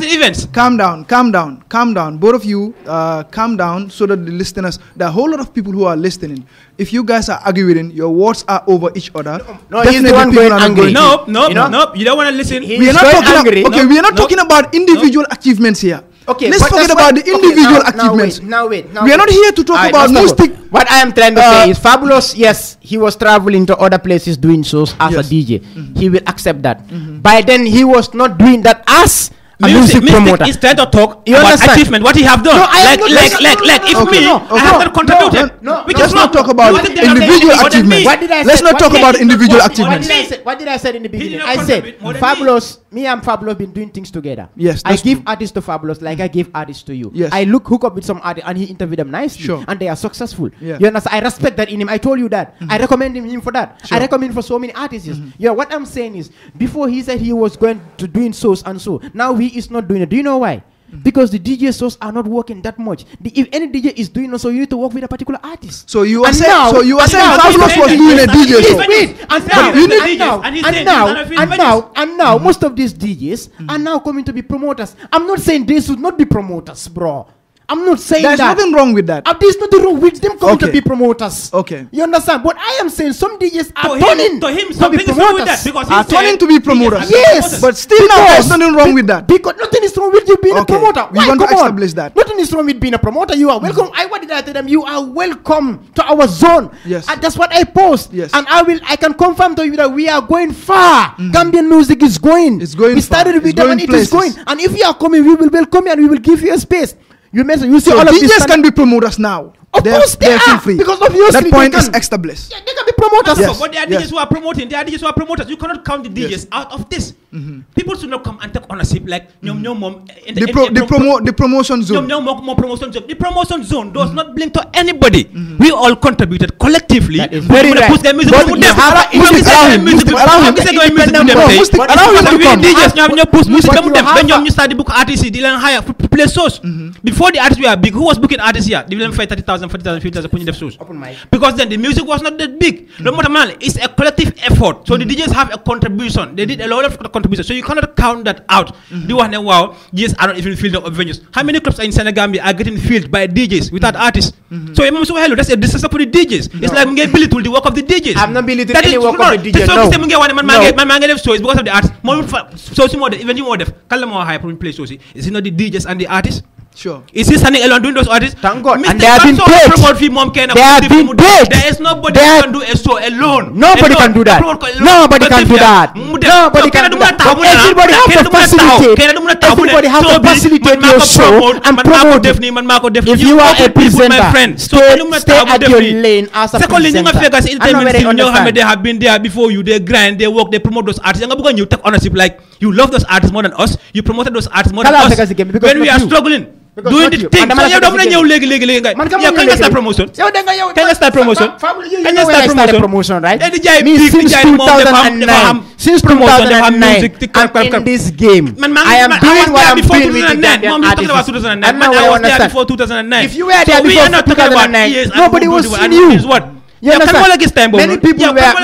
events. Calm down, calm down, calm down. Both of you, uh, calm down so that the listeners, there are a whole lot of people who are listening. If you guys are arguing, your words are over each other. No, no he's the one going angry. No, no, you no, you don't want to listen. we are not talking angry. About, okay, no, we are not no, talking about individual achievements here. Okay, let's forget about the individual okay, now, achievements. Now wait, now wait. Now we are not here to talk right, about music. What I am trying to uh, say is fabulous. Yes, he was traveling to other places doing shows as yes. a DJ. Mm -hmm. He will accept that. Mm -hmm. By then, he was not doing that as a music, music promoter. Instead of talk you about understand? achievement, what he have done. No, I like, like, like, like, if okay, me, no, I have not contributed. No, no, which let's not talk about individual achievement. What did I Let's not talk about individual achievement. What did I say in the beginning? I said, Fabulous, me and Fabulous been doing things together. Yes. I give artists to Fabulous like I give artists to you. Yes. I look, hook up with some artist and he interview them nicely. Sure. And they are successful. You understand? I respect that in him. I told you that. Mm-hmm. I recommend him for that. I recommend for so many artists. Mm-hmm. Yeah, what I'm saying is, before he said he was going to doing so and so, now we is not doing it. Do you know why? Mm. because the DJ shows are not working that much. The, if any DJ is doing so, you need to work with a particular artist. So you are saying, so you are saying, Fabulous was doing a DJ show. Wait, and now, you need, and now, and, and now, and now, and mm. now, most of these DJs are mm. now coming to be promoters. I'm not saying they should not be promoters, bro. I'm not saying There's that. nothing wrong with that. Uh, there's nothing wrong with them going okay. to be promoters. Okay. You understand? But I am saying some DJs are turning to him to be promoters. because are turning to be promoters. Yes. But still, there's nothing wrong with that. Because nothing is wrong with you being okay. a promoter. We Why? want Come to establish on. that. Nothing is wrong with being a promoter. You are mm. welcome. Mm. I what did I tell them? You are welcome to our zone. Yes. And that's what I post. Yes. And I will. I can confirm to you that we are going far. Mm. Gambian music is going. It's going. We started far. with it's them and places. it is going. And if you are coming, we will welcome you and we will give you a space. You mention you see so all of DJs can be promoters now. Of they're, course they they're are, free. because obviously that point is extra bliss. Yeah, they can be promoters. Yes. but there are yes. DJs who are promoting. There are DJs who are promoters. You cannot count the DJs yes. out of this. Mm-hmm. People should not come and take ownership like mm-hmm. mom. Eh, eh, the, eh, promo, the promotion zone. No, no more, promotion zone. The promotion zone does mm-hmm. not belong to anybody. Mm-hmm. We all contributed collectively. very right. Push their music but to them. Allow him to independent. Allow him to come. DJs, you have push music to When you start the book artists, they learn higher play shows. Mm-hmm. Before the artists were big, who was booking artists here? They didn't 30,000, 40,000, 50,000 putting their shows. Open mic. Because then the music was not that big. Mm-hmm. No matter man, it's a collective effort. So mm-hmm. the DJs have a contribution. They did a lot of contribution. So you cannot count that out. Mm-hmm. Do one while. DJs are not even filled up venues. How many clubs are in Senegambia are getting filled by DJs without mm-hmm. artists? Mm-hmm. So Imam so hello, that's a disaster for the DJs. No. It's like Mungay belittle the work of the DJs. I'm not belittling any work on of the DJs. So no. one man man man man so it's because of the arts. More so even you more deaf. Kalamu high problem play so Is It's not the DJs and the artist Sure. Is he standing alone doing those orders? Thank God. Mr. And they have been paid. They have been paid. There is nobody who can do a show alone. Nobody can do that. Nobody can do that. Nobody can do that. everybody has to facilitate. Everybody has to facilitate your show and promote it. If you are a presenter, stay, at your lane as a presenter. Secondly, you know how they have been there before you. They grind, they work, they promote those artists. And you take ownership like you love those artists more than us. You promoted those artists more than us. When we are struggling doing the thing so yow dama na ñëw léegi léegi léegi ngay. man ka yow kañ nga start promotion. yow da nga yow kañ nga start promotion. kañ nga start promotion right. di jaay biig di jaay moom dafa am dafa am. since 2009 I'm in this game. man maa ngi maa doing what I'm doing with the Gambian artists. I'm not aware of If you were there before 2009, nobody was seeing you. Yeah, yow kan time many people yow train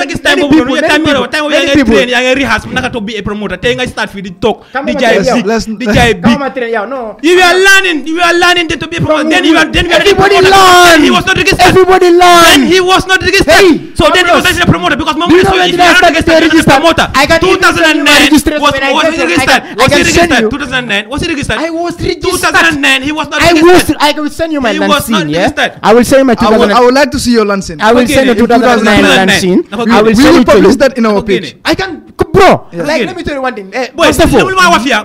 rehearse promoter start you are learning you are learning to be a promoter then you are then you are everybody learn he was not registered everybody learn then he was not registered hey, so then he was actually a promoter because mom you are not registered you're not I got 2009 was registered was he registered 2009 was he registered I was registered 2009 he was not registered I will send you my Lansing I will send you my I would like to see your Lansing I will send it to 2019. I will send it to publish that in our page. I can, bro. Like, let me tell you one thing. Mastafo,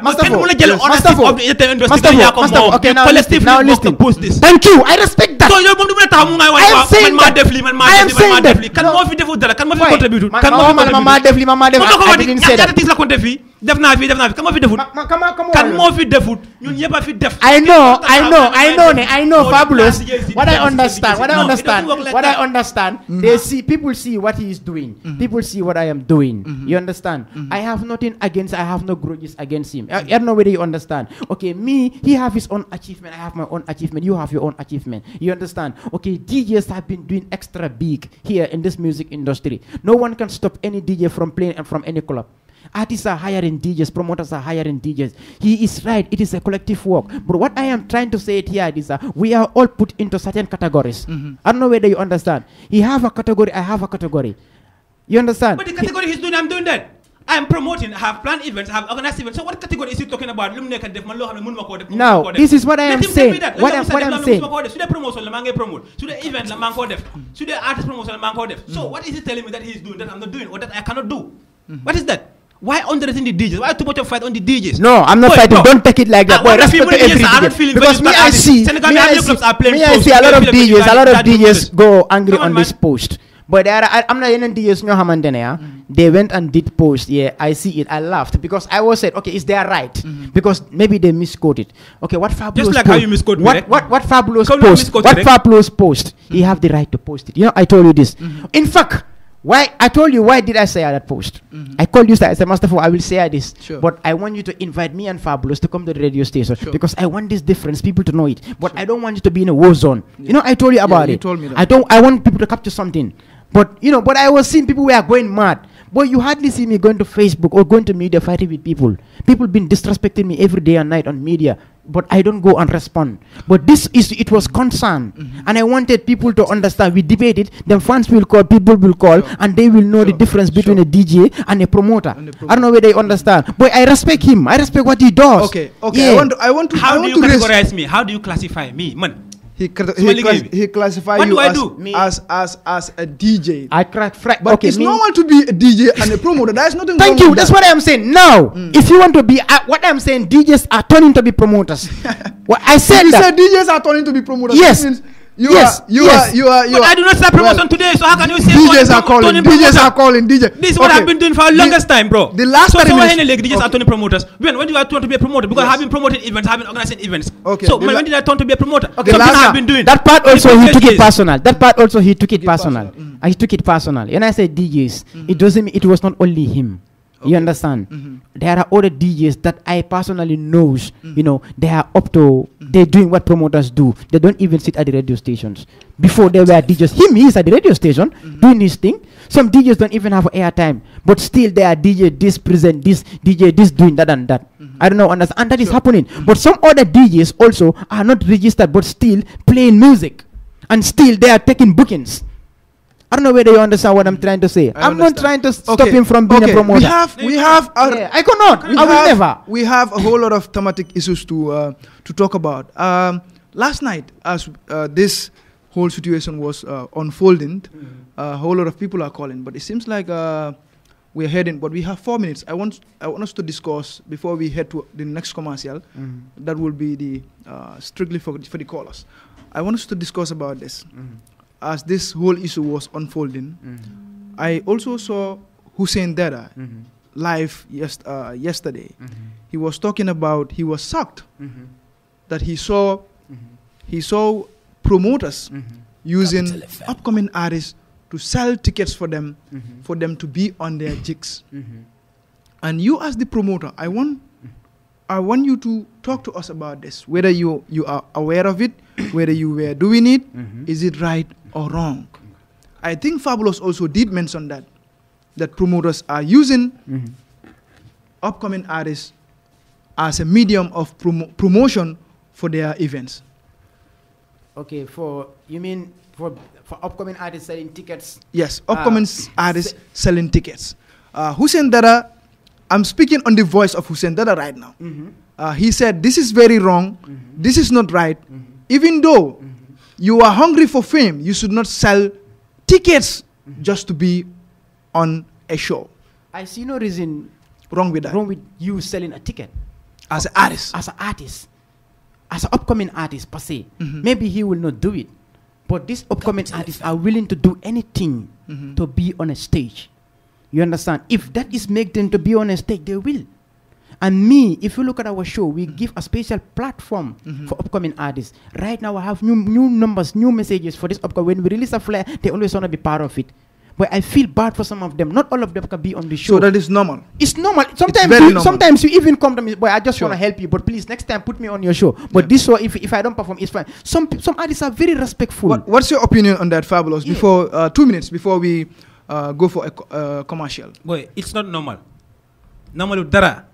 Mastafo, Mastafo. Okay, now listen. Now listen. Thank you. I respect that. I am saying that. I am saying that. Can more fi defu dara? Can more fi contribute? Can more fi contribute? I didn't say that. def naa fi def naa fi kan moo fi defut. ma kan moo fi defut ñun ñëpp fi def. I know I know I know ne I know fabulous. what I understand what I understand what I understand. they see people see what he is doing. people see what I am doing. you understand. I have nothing against I have no grudges against him. I, I don't know whether you understand. Okay, me he have his own achievement. I have my own achievement. You have your own achievement. You understand? Okay, DJs have been doing extra big here in this music industry. No one can stop any DJ from playing and from any club. Artists are hiring DJs, promoters are hiring DJs. He is right. It is a collective work. But what I am trying to say it here is that we are all put into certain categories. Mm -hmm. I don't know whether you understand. He have a category. I have a category. You understand? But the category he's doing, I'm doing that. I'm promoting, I have planned events, I have organized events. So what category is he talking about? Now, this is what I am saying. What, am, what I'm saying. Should I promote Lamange promote? Should I event Lamango def? Should I artist promote Lamango def? So mm-hmm. what is he telling me that he's doing that I'm not doing or that I cannot do? Mm -hmm. What is that? Why underrating too much of fight on the DJs? No, I'm not boy, fighting. No. Don't take it like that. Ah, boy, respect to every DJ. Because me, I see, me, I see, me, I a lot of DJs, a lot of DJs go angry on this post. But there are, I'm not in DJs, no Hamandene, mm-hmm. they went and did post. I see it. I laughed because I was said, okay, is there right? Mm-hmm. Because maybe they misquoted. Okay, what Fabulous post, what, Fabulous post? What mm-hmm. have the right to post it. You know, I told you this. In fact, Why I told you why did I say that post? Mm-hmm. I called you I said, Master, I will say this, sure. but I want you to invite me and Fabulous to come to the radio station sure. because I want this difference, people to know it. But sure. I don't want you to be in a war zone. Yeah. You know, I told you about yeah, it. I don't. I want people to capture something, but you know, but I was seeing people were going mad. But you hardly see me going to Facebook or going to media fighting with people. People been disrespecting me every day and night on media. but I don't go and respond. But this is it was concern, mm-hmm. and I wanted people to understand. We debated. Then fans will call, people will call, and they will know the difference between a DJ and a promoter. I don't know whether they understand. But I respect him. I respect what he does. How do you classify me, He, he, class, he classifies you as, as, as, as, a DJ. I crack frack. But okay, it's me. normal to be a DJ and a promoter. There's nothing Thank you. That's that. what I'm saying. Now, mm. if you want to be, uh, what I'm saying, DJs are turning to be promoters. I said you that. said DJs are turning to be promoters. Yes. You yes, are, you yes. are, you are, you but are. I do not start promotion well, today, so how can you say DJs are calling? Tony DJs are calling. DJs. This is what okay. I've been doing for the longest the, time, bro. The last so, 30 so minutes. Like, DJs okay. are turning promoters. When when do I turn to be a promoter? Because yes. I've been promoting events, I've been organizing events. Okay. So when, when did I turn to be a promoter? Okay. The last I've been doing. That part also he took it personal. That part also he took it personal. He took it personal. And I said DJs, it mm-hmm. doesn't. It was not only him. Okay. You understand? Mm -hmm. There are other DJs that I personally knows. Mm -hmm. You know, they are up to mm -hmm. they're doing what promoters do. They don't even sit at the radio stations. Before they were DJs, him he is at the radio station mm-hmm. doing his thing. Some DJs don't even have airtime, but still they are DJ this present this DJ this doing that and that. Mm-hmm. I don't know, understand? And that sure. is happening. Mm-hmm. But some other DJs also are not registered, but still playing music, and still they are taking bookings. I don't know whether you understand what I'm trying to say. I am not trying to stop okay. him from being okay. a promoter. We have, we have. Our, yeah, I cannot. I will never. We have a whole lot of thematic issues to uh, to talk about. Um, last night, as uh, this whole situation was uh, unfolding, mm-hmm. a whole lot of people are calling. But it seems like uh, we're heading. But we have four minutes. I want I want us to discuss before we head to the next commercial. Mm-hmm. That will be the uh, strictly for for the callers. I want us to discuss about this. Mm-hmm as this whole issue was unfolding, mm -hmm. I also saw Hussein Dada mm -hmm. live yest uh, yesterday. Mm -hmm. He was talking about he was shocked mm-hmm. that he saw mm-hmm. he saw promoters mm-hmm. using upcoming artists to sell tickets for them for them to be on their jigs. And you as the promoter, I want I want you to talk to us about this, whether you, you are aware of it, whether you were doing it, mm -hmm. is it right or wrong? I think Fabulous also did mention that, that promoters are using mm -hmm. upcoming artists as a medium of prom promotion for their events. Okay, for, you mean for, for upcoming artists selling tickets? Yes, upcoming uh, artists se selling tickets. Uh, Hussein Dara. I'm speaking on the voice of Hussein Dada right now. Mm-hmm. Uh, he said, This is very wrong. Mm-hmm. This is not right. Mm-hmm. Even though you are hungry for fame, you should not sell tickets just to be on a show. I see no reason wrong with that. Wrong with you selling a ticket as an artist. As an artist, as an upcoming artist per se. Mm-hmm. Maybe he will not do it, but these upcoming artists are willing to do anything mm-hmm. to be on a stage. You understand? If that is make them to be honest, stage, they will. And me, if you look at our show, we give a special platform mm-hmm. for upcoming artists. Right now, I have new new numbers, new messages for this upcoming. When we release a flyer, they always want to be part of it. But I feel bad for some of them. Not all of them can be on the show. So that is normal. It's normal. Sometimes, it's you, normal. sometimes you even come to me, boy, I just sure. want to help you, but please next time put me on your show. But yeah. this show, if, if I don't perform, it's fine. Some some artists are very respectful. What, what's your opinion on that, Fabulous? Yeah. Before uh, two minutes before we uh, go for a uh, commercial. Boy, it's not normal. Normal dara,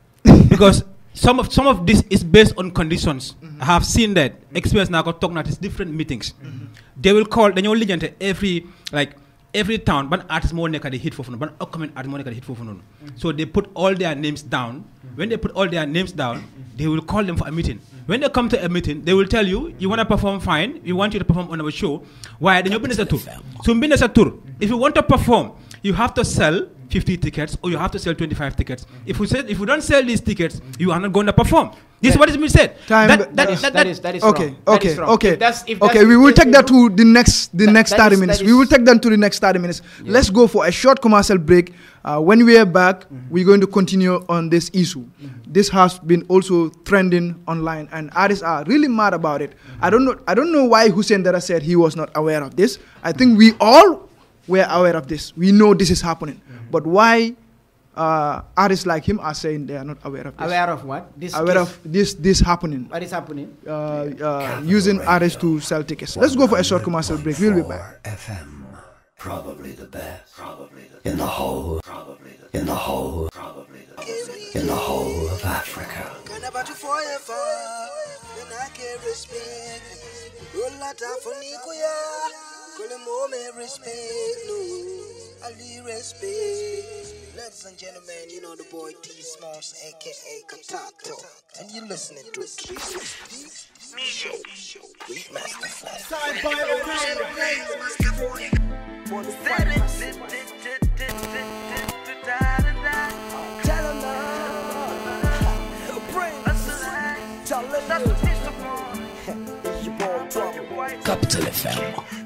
because some of some of this is based on conditions. Mm -hmm. I have seen that mm-hmm. experience. Now I talk at different meetings. Mm -hmm. They will call. the will legend every like every town But artist more than they hit for noonu But upcoming artist mo nekk hit for noonu mm-hmm. so they put all their names down mm-hmm. when they put all their names down they will call them for a meeting when they come to a meeting, they will tell you, you want to perform fine, we want you to perform on our show. Why? Then you business a tour. So business a tour. If you want to perform, you have to sell 50 tickets or you have to sell 25 tickets. If we said if we don't sell these tickets, you are not going to perform. This yeah. is what is being said. Time that, that, that, that is that is okay. Wrong. Okay. okay. If that's, if that's, okay. We will take that to the next the next 30 is, minutes. We will take them to the next 30 minutes. Yeah. Let's go for a short commercial break. Uh, when we are back, mm -hmm. we're going to continue on this issue. Mm -hmm. This has been also trending online, and artists are really mad about it. Mm -hmm. I don't know. I don't know why Hussein Dara said he was not aware of this. I think we all we're aware of this. We know this is happening. Mm-hmm. But why uh, artists like him are saying they are not aware of this? Aware of what? This aware case? of this this happening. What is happening? Uh, uh, using artists to sell tickets. Let's go for a short commercial break. We'll be back. FM. Probably the best. Probably the In the whole. Probably the In the whole. Probably the best. In the whole of Africa. Call him home and respect, no. Ali respect. Ladies and gentlemen, you know the boy T Smalls, aka Katato. And you're listening to his Show with Master Side by Capital FM.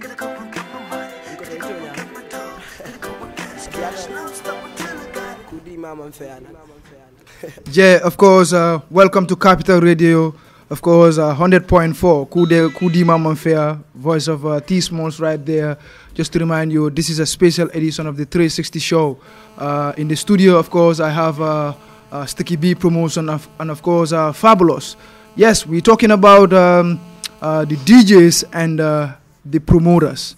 yeah, of course, uh, welcome to Capital Radio. Of course, uh, 100.4, Kudi Kudima voice of uh, T Smalls right there. Just to remind you, this is a special edition of the 360 show. Uh, in the studio, of course, I have uh, uh Sticky B promotion of, and, of course, uh, Fabulous. Yes, we're talking about um, uh, the DJs and the promoters,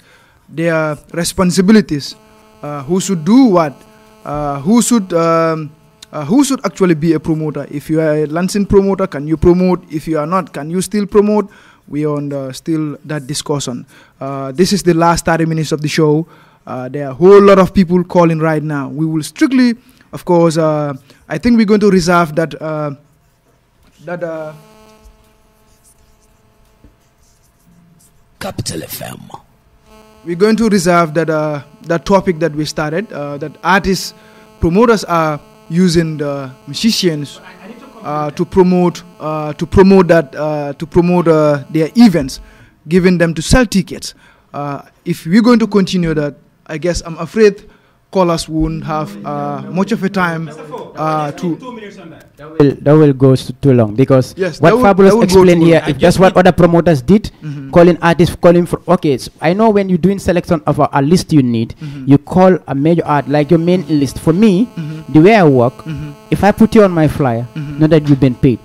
their responsibilities uh, who should do what, uh, who should um, uh, who should actually be a promoter. If you are a Lansing promoter, can you promote? If you are not, can you still promote? We are on the, still that discussion. this is the last 30 minutes of the show. there are a whole lot of people calling right now. We will strictly, of course, I think we're going to reserve that that uh, Capital FM we're going to reserve that uh, that topic that we started uh, that artists promoters are using the musicians uh, uh, to promote uh, to promote that uh, to promote their events giving them to sell tickets if we're going to continue that i guess i'm afraid scholars won't have uh, much of a time uh, to. That will, that will go too long because yes, what Fabulous will, explained here, if that's what other promoters did, mm -hmm. calling artists, calling for, okay, so I know when you're doing selection of a, a list you need, mm -hmm. you call a major art like your main list. For me, mm-hmm. the way I work, mm-hmm. if I put you on my flyer, mm-hmm. not that you've been paid.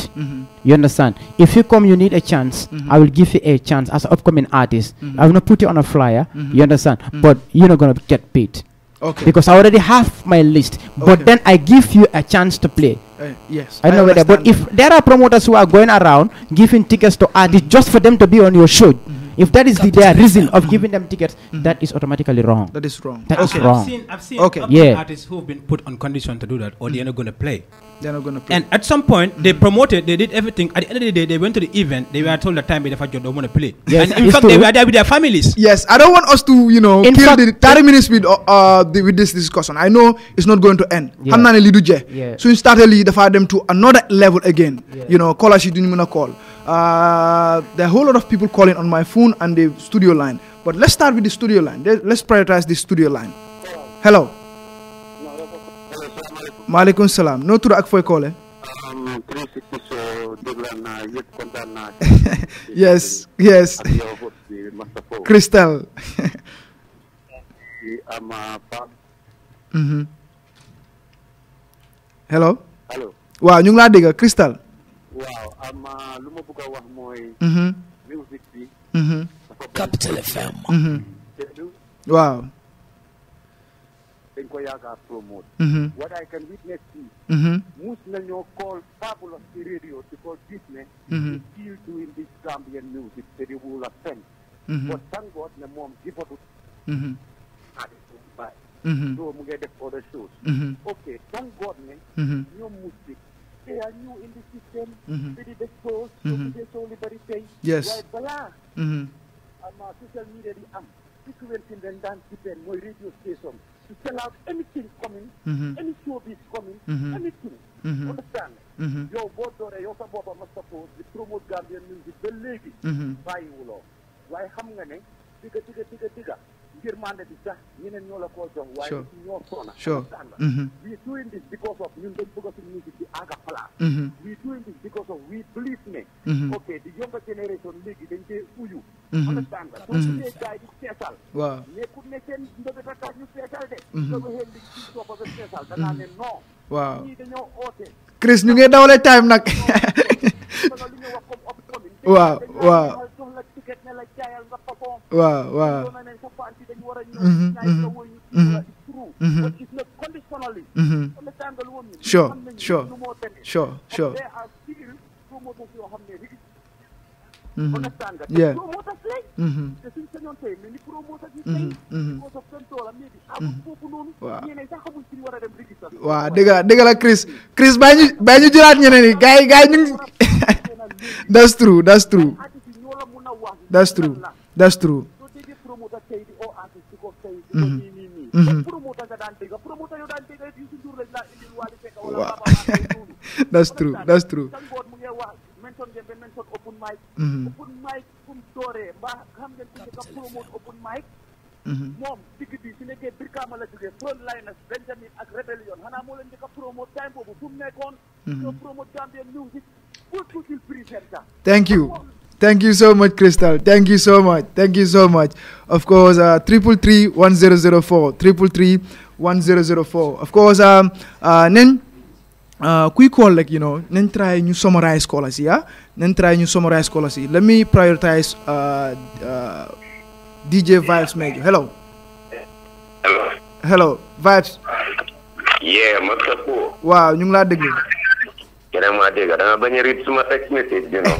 You understand? If you come, you need a chance. Mm -hmm. I will give you a chance as an upcoming artist. Mm -hmm. I will not put you on a flyer. Mm -hmm. You understand? But you're not gonna get paid. Okay. Because I already have my list, but then I give you a chance to play. Uh, yes. I know that. but if there are promoters who are going around giving tickets to artists mm -hmm. just for them to be on your show, mm -hmm if that is the their reason of giving them tickets, mm-hmm. that is automatically wrong. That is wrong. That okay. is wrong. I've seen, I've seen okay. yeah. artists who've been put on condition to do that, or they're not going to play. They're not going to play. And at some point, they mm-hmm. promoted, they did everything. At the end of the day, they went to the event. They were told the time, but you don't want to play. Yes, and in fact, true. they were there with their families. Yes, I don't want us to, you know, in kill fact, the 30 minutes with uh, uh, the, with this discussion. I know it's not going to end. Yeah. Yeah. So instead, they fired them to another level again. Yeah. You know, call us, you didn't even call. Uh, there are a whole lot of people calling on my phone and the studio line. But let's start with the studio line. Let's prioritize the studio line. Hello. Maaleykum Salam. No tudd ak fooy koole. yes yes. Crystal. Mm-hmm. hello. Hello. ñu ngi laa waaw am lu a wax mooy. Mhm. musique bi. Mhm. Capital FM. Mhm. waaw. dañ ko yaakaar promote. mus nañoo call fabulous ci radio because gis ne. they still doing this Gambian music te di wula fen. but thank God ne moom jifatut. they are new in the system, mm-hmm. a exposed, mm-hmm. they only very pay. Yes. Why balance? Mm-hmm. And uh, social media, the am, frequency and dance depend, my radio station, to sell out anything coming, mm-hmm. any showbiz coming, mm anything. Understand? Mm-hmm. Your board or your board must the promote Gambian music, the lady, mm-hmm. why you know. Why, how many? Tiga, firmande bi sax ñeneen ñoo la koo jox waaye ñoo soona understand la we doing this because of ñun dañ bëgg suñu music bi aga place mm-hmm. we doing this because of we believe ne mm-hmm. ok di younger mm-hmm. waaw a Chris ñu ngi dawale time nag waaw waaw waaw dañu war a ñëw ñaay mhm, mhm, woy ñu mhm. yeah promoters lay te suñ sañoon waaw ñeneen sax Chris Chris bàyyi ñu bàyyi ñu jëlaat ñeneen yi gars yi that's true that's true that's true that's true nii nii nii promoteur nga daan dégg promoteur yu daan dégg Youssou Ndour lañ laa indil Wally Seck wala that's true that's true mu mm-hmm. ngee wax mention ngeen ba mention open mic open mic fu mu dooree mbaa xam ngeen ci ka promote open mic moom digg bi su nekkee Brikama la jógee front liners Benjamin ak Rebellion xanaa moo leen a promote music wël ku jël presenter thank you Thank you so much, Crystal. Thank you so much. Thank you so much. Of course, uh, triple three one zero zero four. Triple three one zero zero four. Of course, um, uh, then. Uh, quick call like you know then try new summarize callers yeah then try new summarize callers let me prioritize uh, uh, dj vibes major hello hello hello vibes yeah what's wow ñu ngi la keneen maa dégg dama bañ text message you know.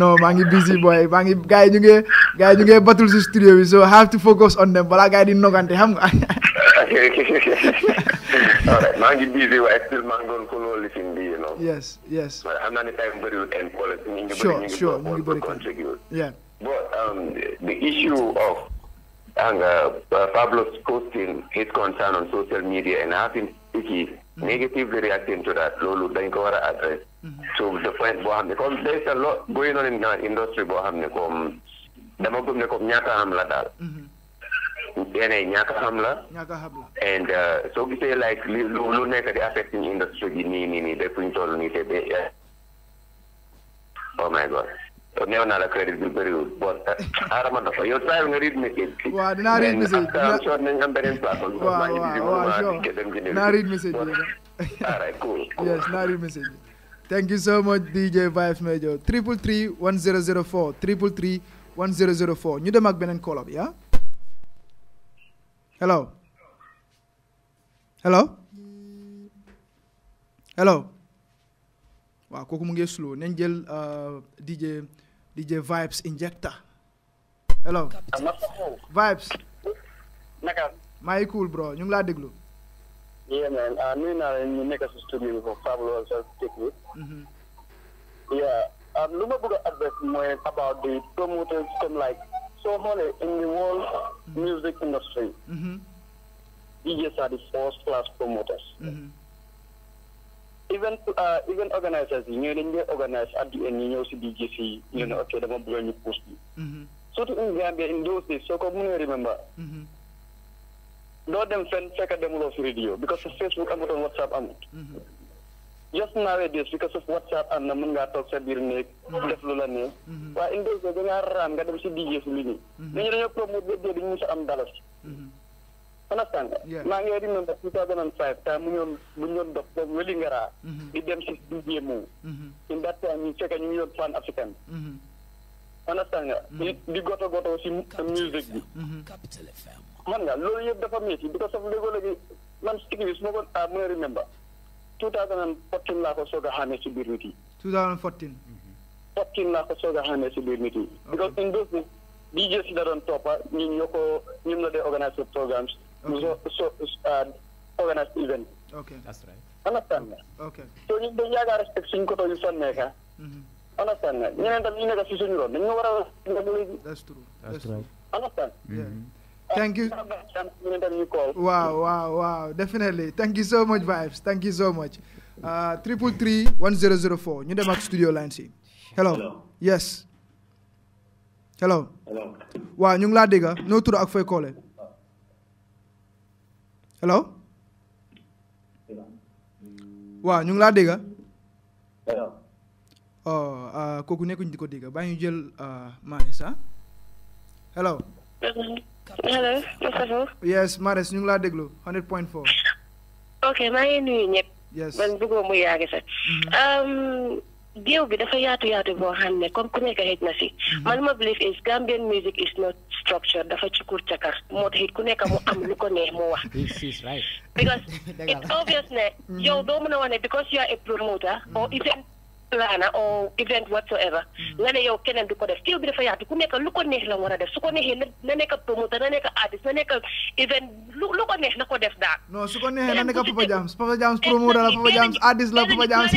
non maa ngi busy boy maa ngi gars yi ñu ngi gars yi ñu si studio bi so I have to focus on them balaa gars yi di nogante xam nga. alright maa ngi busy waaye still maa ngi doon follow listen you know. yes yes. xam naa ne time bëriwul kenn boole. ñu ngi bëri ñu sure ñu ngi bëri contribute. yeah. but um, the issue of and, uh, Pablo's posting his concern on social media and having kii mm-hmm. négative de reacting to that loolu dañ ko war a adresse mm-hmm. suuf de point boo xam ne comme day sa lo going on in industry boo xam ne comme dama gëm ne comme ñaata am la daal ene ñaaka xam la and uh, soo gisee like lu nekk di affecting industry bi nii nii nii de fuñ toll nii te be oh my god néew naa la crédit message bi. waaw message bi mais am beneen plateau. waaw waaw waaw sure dinaa riit message bi. thank you so much DJ Vibes Major triple three one zero zero four triple three one zero zero four ñu dem ak beneen call bi ah. hello. hello. hello. waaw kooku mu ngi slow nañ jël euh, DJ. DJ Vibes Injector hello. Vibes. naka. maa ngi bro ñu ngi laa déglu. yeah man ah, nuyu naa la ñu nekk si studio bi foofu Fabulous Health Technique. Mm-hmm. yeah ah, lu ma bëgg a mooy about the promoters comme like soo xoolee the world mm-hmm. music industry. Mm-hmm. DJ are the first class promoters. event uh, event organisers yi ñooy dañ ñooy organise RDN yi ñëw si di gis yi ñu ne mm-hmm. ok dama bëggoon ñu pousse bi surtout yang Gambia in those days soo ko mënee remember doo dem fenn fekk demuloo si radio because sa Facebook amutoon WhatsApp amut mm-hmm. just nowadays because of WhatsApp am na mën ngaa toog sa biir néeg def lu la neex waaye in those days da nga dem si DJ si li nii dañu dañoo promote ba dee dañu am dalasi understand nga maa ngi remember 2005 time mu ñoon mu ñoon dox boobu weli ngara mm-hmm. di dem si DJMO in that time ñu fekkee ñu ngi yoon Pan African understand mm-hmm. mm-hmm. nga di goto goto si musique bi man nga loolu yëpp dafa métti because of léegi-léegi man stick bi su ma ko ah mu remember 2014 laa ko soog a laa ko soog a xamee si biir nit yi because in those days DJ si da doon toppa ñun ñoo ko ñun la dee organiser programmes so, so, uh, organized event. Okay. That's right. Understand nga. Okay. So ñun dañ yaakaar respect suñ koto yu sonnee ka. a léegi. That's true. Definitely. Mm-hmm. Thank you so much, Thank you so much. Uh, triple three one zero zero four. ñu dem ak studio line si. hello yes. hello. waaw ñu laa dégg noo tur ak fooy koole. hello waaw ñu ngi laa dégg oh ah, kooku nekkuñ di ko dégg baa ñu jël ah, Maris ah hello yes Maris ñu ngi laa déglu 100 point 4 ok maa ngi nuyu ñëpp man bëggoo mu yaagi sax mm-hmm. um, géew bi dafa yaatu yaatu boo xam ne comme ku nekk xëj na si mhm. man ma believe is Gambian music is not structured dafa ci kur cakar moo taxit ku nekk mu am lu ko neex mu wa because it's obvious ne mhm. yow doo mën a wane because you are a promoter mhm. or event planner or event whatsoever nga ne yow keneen du ko def géew bi dafa yaatu ku nekk lu ko neex la war a def su ko neexee na nekk promoter na nekk artist na nekk event lu lu ko na ko def daal non su ko neexee na nekk Papa Jams Papa Jams promoter la Papa Jams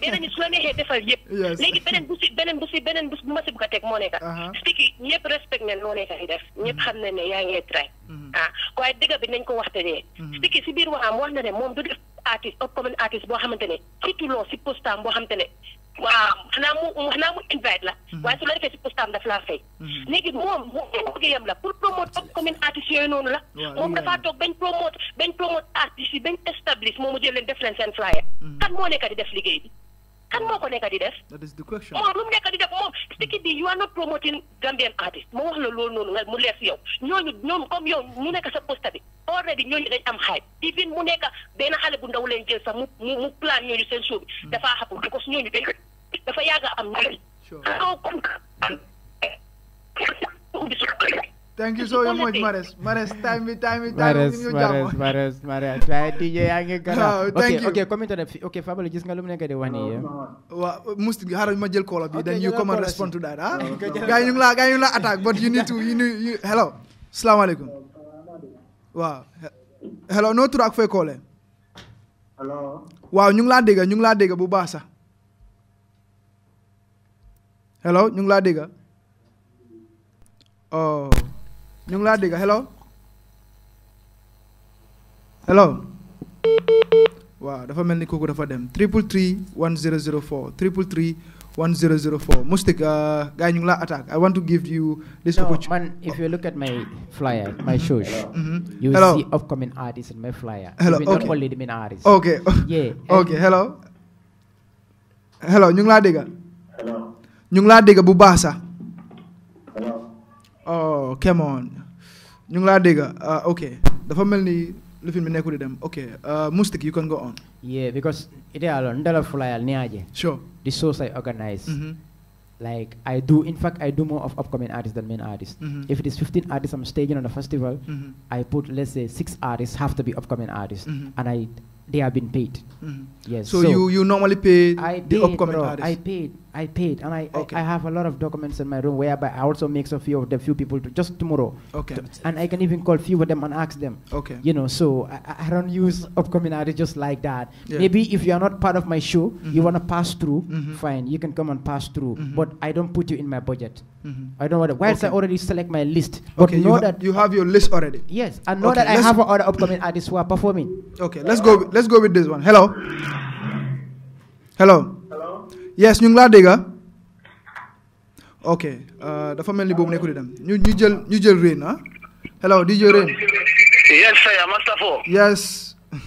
beneen su la neexee defal yëpp. léegi beneen bu si beneen bu si beneen bu ma si bëgg a teg moo nekk. stik yi ñëpp respect nañ moo nekk di def. Mhm. ne yaa ngi try. Mhm. ah waaye dëgg bi nañ ko waxte ne. Mhm. stik yi si biir waxam wax na ne moom du def artiste upcoming artiste boo xamante ne surtout loo si postam boo xamante ne. waaw xanaa mu xanaa mu invite la. Mhm. waaye su la defee si postam daf laa fay. Mhm. léegi moom moom la pour promote ak commune artistes yooyu noonu la. moom dafaa toog bañ promote bañ promote artistes yi bañ establish moom mu jël leen def leen seen flyer. Mhm. kan moo nekk di def liggéey bi. kan moo ko nekk di def. that is the mu nekk di def moom sikki bi you are not promoting Gambian artist ma wax la loolu noonu mu leer yow ñooñu ñoom yow mu nekk sa poste bi already ñooñu dañ am xaay even mu nekk benn xale bu ndaw leen jël sax mu mu plan ñooñu seen show bi hmm. dafaa xapul because ñooñu dañ dafa yàgg am njëriñ. sure Thank you so much, Mares. Mares, time me, time me, time Mares, Mares, Mares, Mares. Try DJ Thank you. Okay, okay, comment on it. Okay, Fabulous, just ngalum nega de wani ya. must haro majel call abi. then you come and respond to that, ah. Gaay ñu la, gaay ñu la attack, but you need to you need you, hello. Assalamu alaikum. Wow. Hello, no truck for call. Eh? Hello. Wah, ñu ngi la dégg, bu baax Hello, ñu ngi la Oh ñu la laa dégg hello hello waaw dafa mel ni kooku dafa dem triple three one zero zero four triple three one zero zero four Mustik uh, guy ñu ngi laa attack I want to give you this no, opportunity. man if you look at my flyer my shows Mm -hmm. you will hello. see upcoming artists in my flyer. hello Even okay not only the main artists. okay yeah okay hello hello ñu ngi laa dégg. hello ñu ngi laa dégg bu baax sax. oh come on ñu ngi laa dégg ah, ok dafa mel ni lu fi mu nekkul di dem ok ah, Moustik you can go on. yeah because ite alone ndala fulayal niaje. sure the source I organize. Mm-hmm. like I do. In fact, I do more of upcoming artists than main artists. Mm -hmm. If it is 15 artists I'm staging on a festival, mm -hmm. I put let's say six artists have to be upcoming artists, mm -hmm. and I they have been paid. Mm-hmm. Yes. So, so, you you normally pay I the paid, upcoming bro, artists. I paid I paid, and I, okay. I, I, have a lot of documents in my room whereby I also make a few of the few people to just tomorrow. Okay. To, and I can even call few of them and ask them. Okay. You know, so I, I don't use upcoming artists just like that. Yeah. Maybe if you are not part of my show, mm-hmm. you want to pass through, mm-hmm. fine, you can come and pass through. Mm-hmm. But I don't put you in my budget. Mm-hmm. I don't want to. Whilst okay. I already select my list, but okay, know you ha- that you have your list already. Yes, and know okay, that I have other upcoming artists who are performing. Okay, let's go. With, let's go with this one. Hello. Hello. yes ñu ngi laa dégg ah. ok euh, dafa mel ni boobu nekkul dem ñu ñu jël ñu jël Rain ah hello DJ Rain yes saya Mastafo yes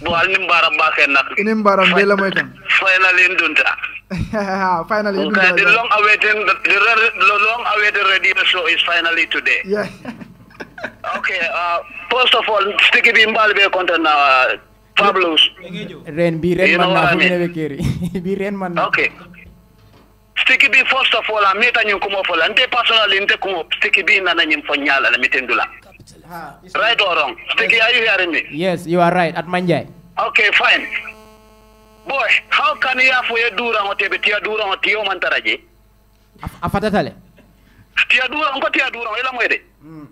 bo al nimbara bake nak nimbara la moy tam finally ndunta finally ndunta okay, the long awaited the, the, the long awaited radio show is finally today yeah okay uh, first of all sticky bi mbal be content na uh, Pablo Rain bi Rain man na bu newe kéri bi Rain man okay stiki bi first of all ameta nyin kumo fola nte personal nte kumo stiki bi nana fo fonyala la mitendula right or wrong stiki yes. are you hearing me yes you are right at manjay okay fine boy how can you have you dura ngote be tia dura ngote yo mantaraje afatatale tia dura ngote tia dura ila de mm.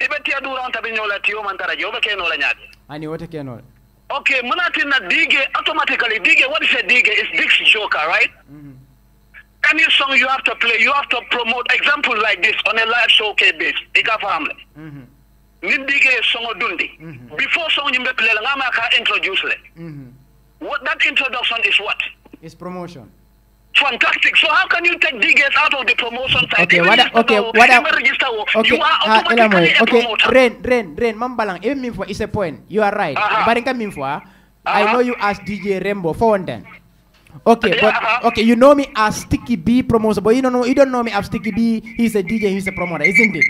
ibe tia dura ngote be nyola tiyo mantaraje obe la nyade ani wote kenola okay muna tinna dige automatically dige what is a dige is dick's joker right mm -hmm. any song you have to play, you have to promote examples like this on a live showcase base. family. fahamle. Mm-hmm. Nidike song dundi. Mm-hmm. Before song you play, ngama ka introduce le. Mm-hmm. What that introduction is what? It's promotion. Fantastic. So how can you take DGS out of the promotion side? Okay, what okay, what register, okay, you are automatically uh, okay. Rain, rain, rain, mambalang. Even Minfo is a point. You are right. Uh -huh. But in Minfo, I know you as DJ Rainbow for one time. Okay, yeah, but uh-huh. okay, you know me as Sticky B promoter, but you don't know you don't know me as Sticky B. He's a DJ, he's a promoter, isn't it?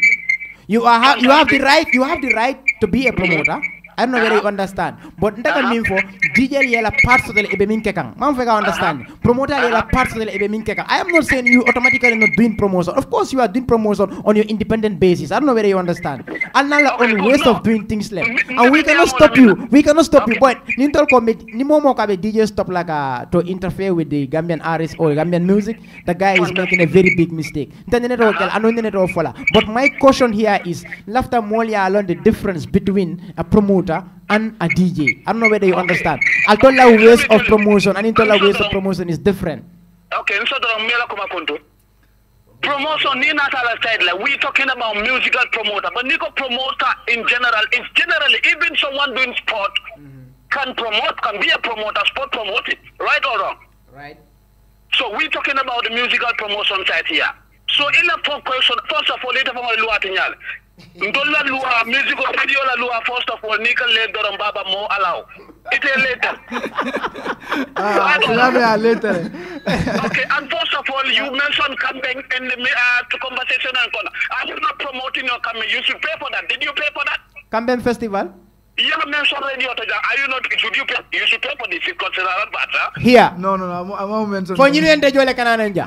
You are ha- oh, you have the right you have the right to be a promoter. I don't know whether you uh-huh. understand. But that can mean for DJ yela parts del ebe min kekan. Man fega understand. Uh-huh. Promoter yela uh-huh. parts del ebe min kekan. I am not saying you automatically not doing promotion. Of course you are doing promotion on your independent basis. I don't know whether you understand. And now on ways of doing things left. And we cannot stop you. We cannot stop you. But nintal commit, ni momo ka be DJ stop like uh, to interfere with the Gambian artists or Gambian music. The guy is making a very big mistake. I know But my caution here is laughter molia alone the difference between a promoter promoter and a DJ. I don't know whether you understand. I told you ways of promotion, and in told ways of promotion is different. Okay, so the promotion ni natala said like we talking about musical promoter, but Nico promoter in general it's generally even someone doing sport mm -hmm. can promote, can be a promoter, sport promote it, right or wrong? Right. So we talking about the musical promotion side here. So in the question, first of all, ndolla luwa musique musical radio la luwa first of all nika kan and doron baba mo alaw ite later ah labe a later okay and first of all you mentioned coming and the uh, to conversation and corner i am not promoting your coming. you should pay for that did you pay for that Coming festival You have mentioned radio Are you not? Should you pay? You should pay for this. It's considered matter. Here. No, no, no. I'm, I'm not For you, ende jole kanana nja.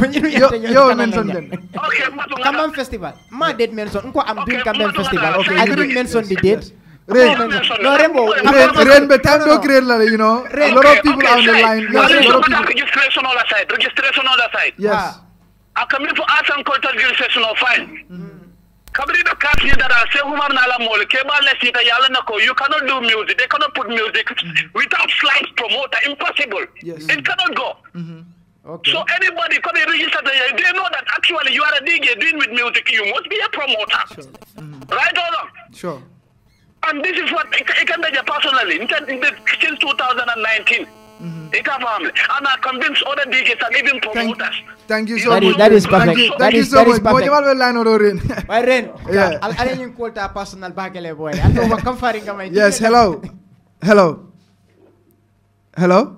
For you, ende jole kanana nja. Okay, Kamban festival. Ma date mention. Unko I'm doing Kamban festival. Okay. I didn't mention the date. no, Rainbow. Rain, rain, but time no create, you know. Registration on the side. Registration on the side. Yes. I come in for ask and contact registration or fine. Mm-hmm. Kabri the cat here that I say woman nala mole keba lesita yalanako. You cannot do music. They cannot put music mm-hmm. without slight promoter. Impossible. Yes. It cannot go. Mm -hmm. Okay. So anybody come register, they know that actually you are a DJ doing with music. You must be a promoter. Sure. Mm-hmm. Right or wrong? Sure. And this is what can Ikandaja personally, since 2019, Mm-hmm. And I other DJs and even promoters. Thank, you so that much. Is, that is perfect. Thank you, that thank is, so that much. Boy, a wala no rin. Boy, rin. Yeah. Al alin yung kulta personal boy. Yes, hello. Hello. Hello.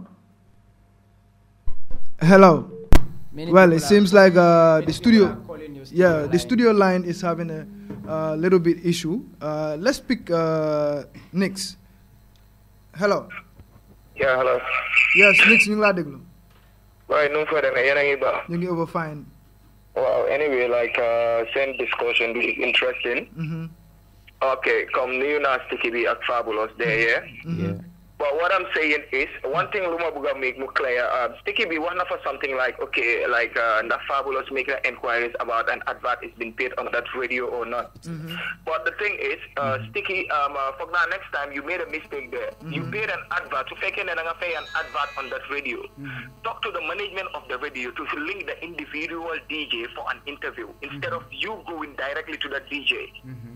Hello. Many well, it seems like uh, the studio, studio yeah, line. the studio line is having a uh, little bit issue. Uh, let's pick uh, next. Hello. yaa hello. yes Nix ñu ngi laa déglu. waaye nu mu fa demee yéen a ngi baax. ñu ngi over fine. waaw anyway like uh, seen discussion interesting. Mm-hmm. ok comme ni ñu naa sticky ak fabulous de mm-hmm. yee. But what I'm saying is, one thing Luma Buga make more clear, um, Sticky B one for something like, okay, like uh, the fabulous making inquiries about an advert is being paid on that radio or not. Mm-hmm. But the thing is, uh, Sticky, um, uh, for now, next time you made a mistake there. Mm-hmm. You paid an advert, to fake an advert on that radio. Mm-hmm. Talk to the management of the radio to link the individual DJ for an interview instead mm-hmm. of you going directly to that DJ. Mm-hmm.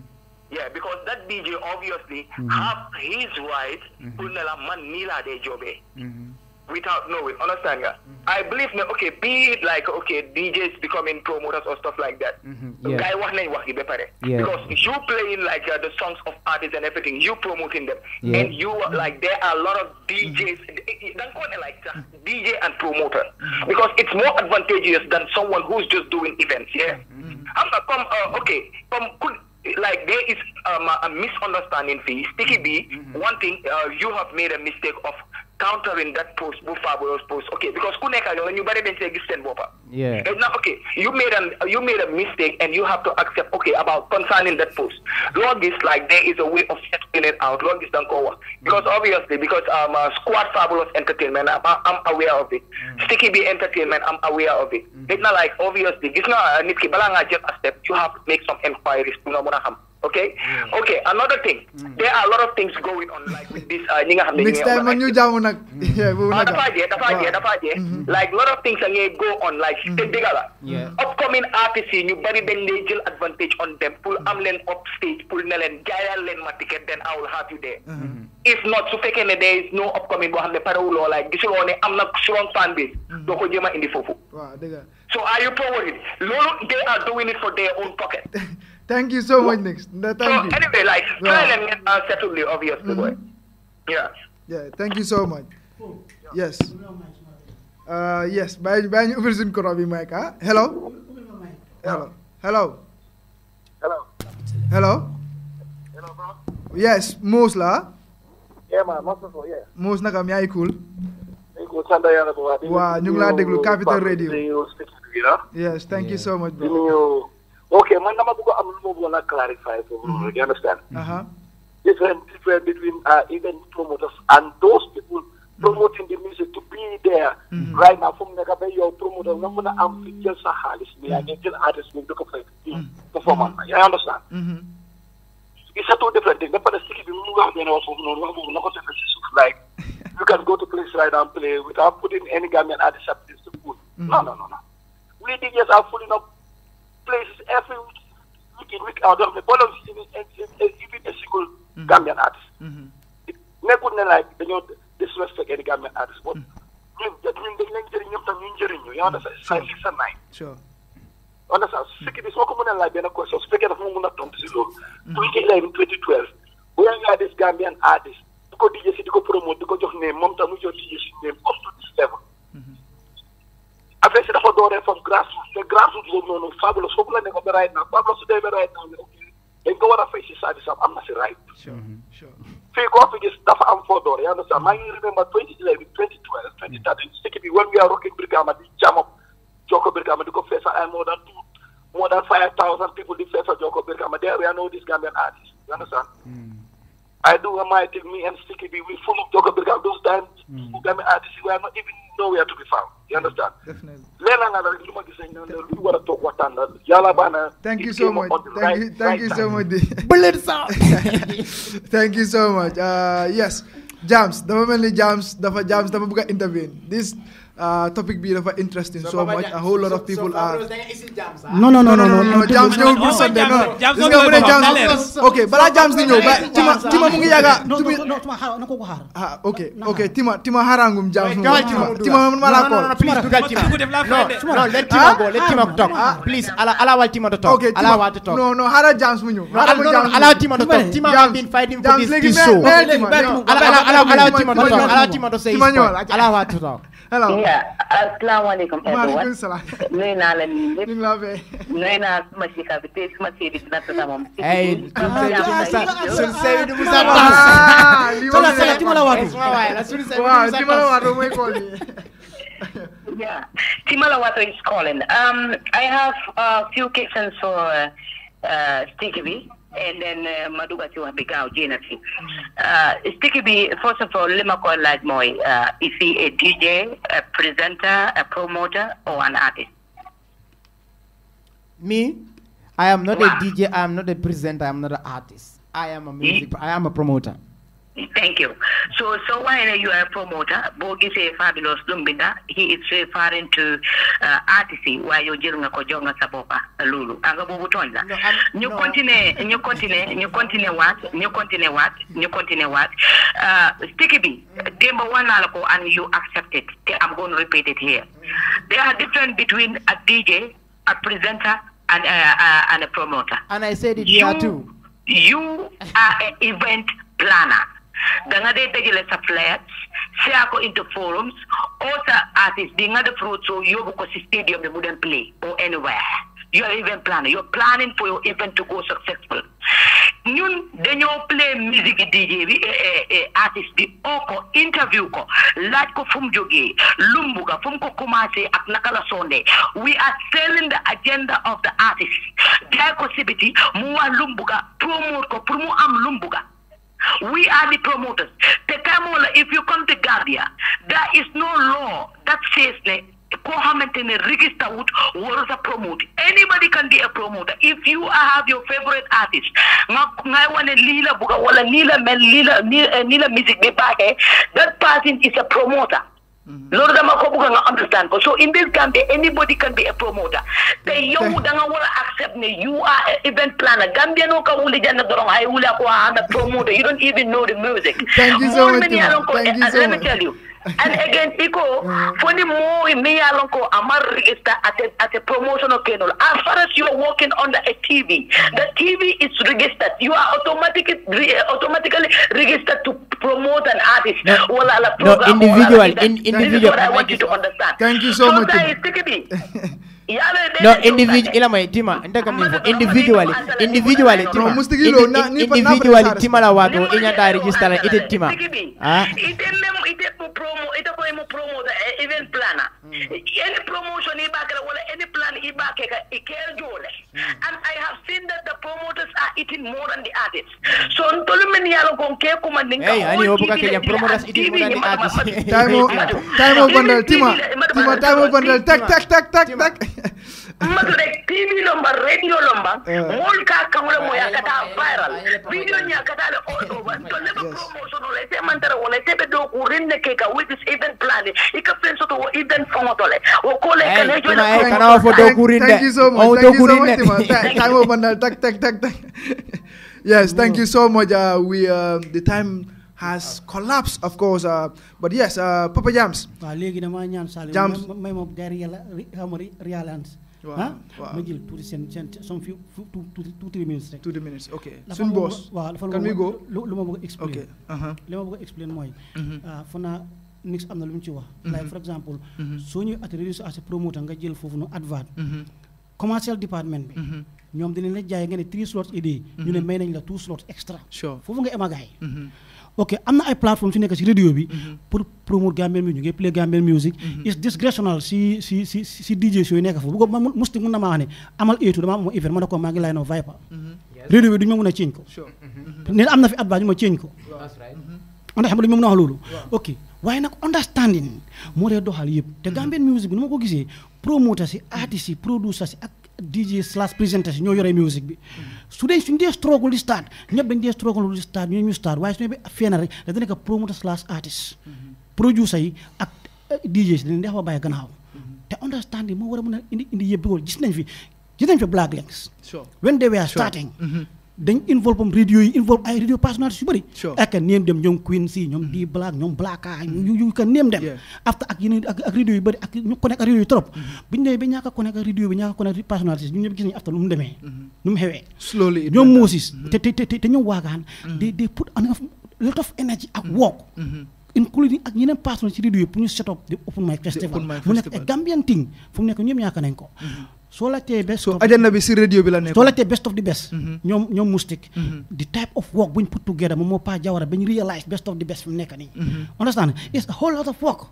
Yeah, because that DJ obviously mm-hmm. have his wife mm-hmm. man nila de jobe. Mm-hmm. Without knowing, understand ya? Mm-hmm. I believe na okay, be it like okay, DJs becoming promoters or stuff like that. Mm-hmm. Yeah. Guy wahne wahi Because you playing like uh, the songs of artists and everything, you promoting them, yeah. and you like there are a lot of DJs. Mm-hmm. Don't like uh, mm-hmm. DJ and promoter because it's more advantageous than someone who's just doing events. Yeah, I'm not come uh, okay, come could like there is um, a misunderstanding fee. Sticky B, mm-hmm. one thing uh, you have made a mistake of countering that post bu fabulous post ok because ku when you yow la ñu bari dañ see yeah Now, ok you made an you made a mistake and you have to accept okay about concerning that post Log is like there is a way of settling it out Log is done nga because obviously because um, uh, squad fabulous entertainment I'm, I'm aware of it mm. sticky B entertainment I'm aware of it mm. It's not like obviously it's not. a ki balaa just a step you have to make some You know what I'm saying? Okay, okay. Another thing, mm. there are a lot of things going on like with this. Uh, Next time when you jam, nag. Ah, dapat you dapat dia, dapat dia. Mm-hmm. Like lot of things ang go on like mm. Yeah. Upcoming artists you body the they advantage on them. Pull mm-hmm. am len up pull na len my len ticket then I will have you there. Mm. If not you fake ne there is no upcoming boo xam ne parewuloo like gisuloo ne am eh, not strong fan base doo ko jéem a indi foofu. Waaw dëgg So are you pro worried? they are doing it for their own pocket. Thank you so much, Nick. No, thank so, you. Anyway, like, yeah. try and get uh, settled, obviously. Mm -hmm. Yeah. Yeah, thank you so much. Oh. Yes. Uh, yes, bañ bañ ubbil suñ ko bi mic ah hello. hello. hello. hello. hello. bro. yes Mous la. yeah man Mous yeah. Mous naka yaa ngi cool. waaw ñu ngi laa déglu Capital Radio. yes thank you so much bro. Okay, man, I'm going to clarify for mm -hmm. you. understand? Uh-huh. Different, different between uh, even promoters and those people mm-hmm. promoting the music to be there mm -hmm. right now from the Gabe, your promoter, mm-hmm. I'm going to am feature Sahalis, me, I and mm-hmm. then artists me. look for performance. You understand? Mm-hmm. It's a two different thing. things. The Palestinian people have been also no. like you can go to place right now and play without putting any Gambian artist up to school. Mm-hmm. No, no, no, no. We DJs are fully not places every week, week in, week out. They a ball of a single mm-hmm. Gambian artist. Mm-hmm. nekkul ne like dañoo disrespect any Gambian artist. but mhm. ñun ñun dañ leen jëriñ ñoom tam ñu njëriñ ñu. yow na sa sa six sa nine. sure. on a sa su fekkee la soo ko mënee laaj benn question su fekkee dafa mën a tontu si loolu. Mhm. Gambian artist di ko DJ si di ko promote di ko jox ne moom tam mu jox DJ si ne up Avenida Rodore eh, for grassroots, the grassroots é of fabulous for planning of the right now. Fabulous today, right now. They go out of face side is I'm not right. Sure, mm-hmm. sure. Free coffee is stuff I'm for door. You understand? I remember 2011, 2012, 2013, sticky when we are rocking Brigama, the jam up Joko Brigama, the confessor, and more than two, more than thousand people, the confessor Joko Brigama. There we are no this Gambian artists. You understand? Mm. I do a might give me and Sticky B. We full of Joker because those times mm. Ugami artists we are not even nowhere to be found. You understand? Definitely. Thank you so much. Thank right, you, thank you so much. Bullets out. thank you so much. yes, Jams. The moment Jams, the Jams, the intervene. This uh, topic bi dafa interesting so much a whole lot of people are. No no no no no non James ñëwul pour Sunday non. James ñëwul pour Sunday ok balaa James di ñëw you? Tima Tima mu ngi yàgga. ah ok ok Tima Tima xaraangum James mu Tima Tima, ma laa ko. non non let Tima go let Tima ah, talk ah, please allow Tima to talk. ok Tima no, non xaaral James mu you? allow Tima to talk Tima has been fighting for this show. allow Tima to talk allow Tima to say allow her to talk alors asalaamaaleykum. maaleykum salaam nuyu naa la nii lépp. ñu ngi laa fay. nuyu naa suma si ka bi tey suma si bi dina tasa moom. ay sunu sey du Musa ba. li ma la sala tuma la waatu. waaw tuma la waatu mooy kool yi. Yeah, Timalawato is calling. Um, I have a few questions for uh, uh, Stevie. and then uh, Maduga tu hapiga ujina tu. Uh, Sticky be first of all, lima kwa like moi, uh, is he a DJ, a presenter, a promoter, or an artist? Me? I am not wow. a DJ, I am not a presenter, I am not an artist. I am a music, I am a promoter. Thank you. So, so why are you a promoter, Bogi say fabulous dumbinda, he is referring to uh, artistry while you dealing with Kojonga Sabopa, Lulu. Anga Agabubu Tonda. New continent, new continent, new continent what? New continent what? New continent what? Uh, Sticky B, Demba one alako and you accept it. I'm going to repeat it here. There are different between a DJ, a presenter, and, uh, uh, and a promoter. And I said it you, here too. You are an event planner. da nga dee dajale sa flyers share into forums oo artists artist bi nga def road show yóbbu ko si stadium bi mu dem play or anywhere you are even planning you're planning for your event to go successful ñun dañoo play music DJ bi eh, eh, eh, artiste bi interview ko laaj ko fu mu jógee lu mu bugg ko commencé ak naka la we are selling the agenda of the artist jaay ko sibiti mu lumbuga. lu mu promote ko pour am lumbuga. We are the promoters. Tekamola, if you come to Gambia, there is no law that says that koo xamante ne register would warut a promoter. anybody can be a promoter if you have your favorite artist nga ngay wane wala eh, music that person is a promoter loolu dama ko bëgg nga understand ko so in this Gambia anybody can be a promoter te yow da nga war accept ne you are an event planner Gambian o ka wuli janna dorong ay wuli ko ana ah, promoter you don't even know the music thank you so much thank you eh, so much let me tell you and again iko foni moy me yalon ko amar register at a, at a promotional kernel as far as you are working under a TV the TV is registered you are automatically re, automatically registered to promote an artist no, wala la program no, individual in, individual this is what I want you to understand thank you so, so much no individu ila tima ndaka mnivo individually individually tima mustigilo na individually tima la watu inya da register la ite tima ah ite mem ite mo promo ite ko mo promo da eh, event planner hmm. any promotion i bakala wala any plan i ka i care jole hmm. and i have seen that the promoters are eating more than the artists so ntolu men yalo kon ke kuma ninka hey ani obuka ke promoters eating more than the artists time time over tima tima time over tak tak tak tak tak matu tv lomba radio lomba eh. mool ka kaŋole mo yakata viral video ñakata le all over to lebe promotion ole ite mantara wala ite be do ku renne ke with this event plan Ika ka fen soto wo event fongo tole wo ko le na ne thank you so much oh, thank you so much time over tak tak tak tak yes thank you mm. so much uh, we uh, the time has collapsed, of course. Uh, but yes, uh, Papa Jams. Jams. Wow. Wow. Some few, two, two, two, three minutes. Two, three minutes, okay. Soon, boss. Can we go? Okay. Uh-huh. Let me explain more. Uh, for now, am na lu mu ci wax. Mm-hmm. like for example. Mm-hmm. soo ñuy at reduce as a promoter nga jël foofu noonu advert. Mm-hmm. commercial department bi. ñoom dinañ la jaay nga ne three slots a day. ñu ne may nañ la two slots extra. foofu nga ema ok am na ay plateformes su nekk si radio bi. Mhm. pour promouvoir Gambian music mhm. it's discretional si si si si DJ show foofu bu musti mun na maa wax ne amal eetu damaa am event ma ne ko maa mhm. du ñu ma mun a ceeñ ko. nee na am na fi at ba ñu ma ceeñ ko. on xam ne dañu ma mun a wax loolu. ok waaye nag understanding moo dee doxal yëpp. te Gambian music bi nu ma ko gisee promoteur si artiste si producer si ak. DJ slash présentation ñoo yore musique bi su dee suñu dee struggle di start ñëpp ñu start waaye su ñëpp feeñ rek dafa nekk promoter slash artist producer yi ak eh, DJ si dañ leen di bàyyi gannaaw te understanding moo war a mën a indi indi yëpp gis nañ fi gis nañ fi Black Lynx when they were starting mm-hmm. dañ involve am radio yi involve ay radio personalities yu bëri ak neem dem ñoom Queen si ñoom mm-hmm. di black ñoom blacka mm-hmm. yu yu yu trop bu ak radio mm-hmm. personalities ñun ñëpp ak work personalities ci radio yi pour ñu up mu nekk a Gambian thing fu mu nekk ñëpp ñàkk nañ ko soo laajtee la nekk best of the best mm-hmm. ñoom ñoom Moustik mm-hmm. type of work buñ put together moom moo Paa Jawara bañ realize best of the best fi mu nekk nii mm-hmm. understand it's a whole lot of work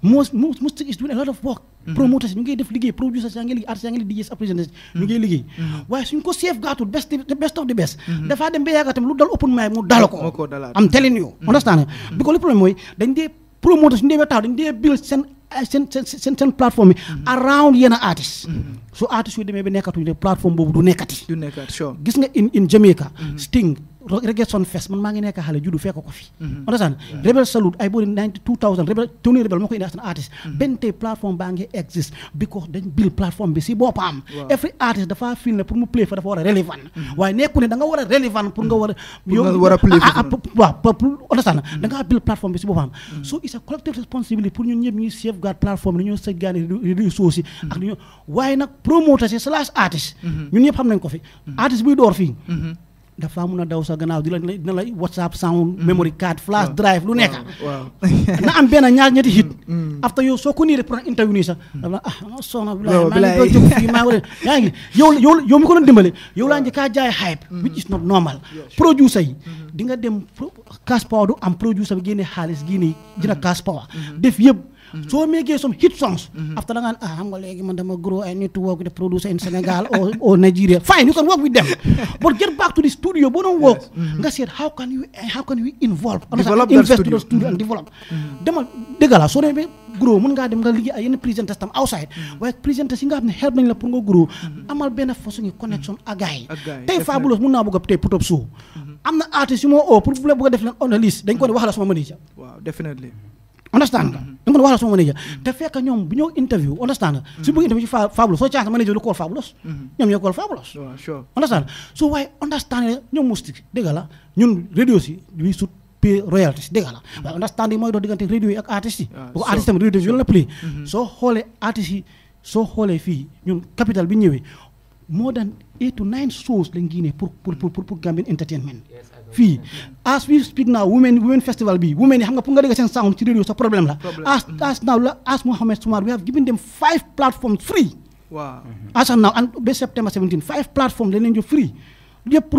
most Moustik ñu ngi def liggéey producers yaa ngi liggéey artistes yaa ngi liggéey DJs appréciateurs ñu ngi liggéey waaye suñ ko safeguardul best best of the best dafaa dem ba yàgg tamit lu dal open mic mu dal ko am telling you understand because le problème mooy dañ dee promoteur su ñu demee taxaw dañu dee build seen seen seen seen plateforme yi. Mm-hmm. around yenn artistes. Mm-hmm. su artistes yu demee ba nekkatuñu de plateforme boobu du nekkati. du nekkati sure gis nga in in Jamaica. Mm-hmm. Sting. reggaeton fest man maa ngi nekk xale juddu fekk ko fi understand mhm. rebel salute ay boori 90 2000 rebel rebel moo ko indi as an artist mhm. benn tey plateforme bi si boppam every artist dafa feel ne pour mu play fa dafa war a relevant mhm. waaye nekku ne da war a relevant pour nga war a yow a ah, ah, ah, bi si boppam so it's a collective responsibility pour ñun ñëpp ñuy safeguard plateforme ni ñoo sëggaani ressources yi ak ni ñoo waaye nag promoters yi dafa mun a daw sa gannaaw di la dina lay whatsapp sound memory card flash drive lu nekk na am benn ñaar ñetti hit mm, mm. after yow soo ko nii de pour interview nii sax dafa ah ma soxna bilaay jóg fii maa war yaa ngi yow yow yow mi ko doon dimbale yow laa njëkkaa jaay hype mm. which is not normal producer yi mm-hmm. di dem cash power du am producer bi génne xaalis génne jënd mm-hmm. cash power mm-hmm. def yëpp so making some hit songs after da nga ah xam nga legi man dama grow i need to work with the producer in senegal or, or nigeria fine you can work with them but get back to the studio bo don't work nga mm-hmm. said how can you eh, how can we involve develop invest studio, the studio and mm-hmm. develop mm-hmm. demal degala so rebe grow mun nga dem nga ligi ay yenn presenter tam outside way presenter si nga xamne help nañ la pour nga grow amal ben façon ni connection ak gars yi fabulous mun na bëgg a tey putop suuf amna artiste mo o pour bu bëgg def lan on the list dañ ko ne wax la sama manager wow definitely understand nga mhm. da nga war a sama manager te fekk ñoom bu ñëw interview understand nga mhm. su bëgg interview ci fabulous soo chance manager lu kool fabulous mhm. ñoom ñoo kool fabulous understand so waaye understand la ñun radio si we should pay royalties dégg la understand mooy dox diggante radio ak artistes yi ah, bu ko artiste tamit radio yi la play soo xoolee artistes soo xoolee fii ñun capital bi ñëwee more than eight to nine shows lañ génnee pour pour pour fii as we speak now women women festival bi women yi xam nga pour nga dégg seen sound ci radio sa problème la as now la as Mohamed Soumar we have given them five platforms free waaw as now and September five platforms lañ leen free yëpp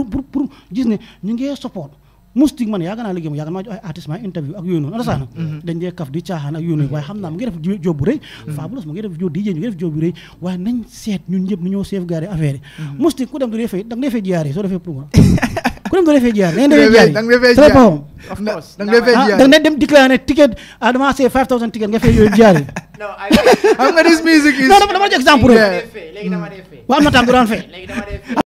ne ñu ngi support moustique man yaaga naa naa jox ay artiste ma interview ak yooyu noonu understand mm-hmm. Mm-hmm. dañ mm-hmm. def job bu rëy fabulous mu def job di ñu seet ñun ñëpp nu ñoo sauvegarder affaire yi moustique ku dem du dee fay da ku dem da nga fay jiyaar da nga defee jiyaar of course da nga defee jiyaar da a ah, dem déclaré ticket ah, ticket nga fay yooyu jiyaar yi. non ay exemple rek. am na temps fee.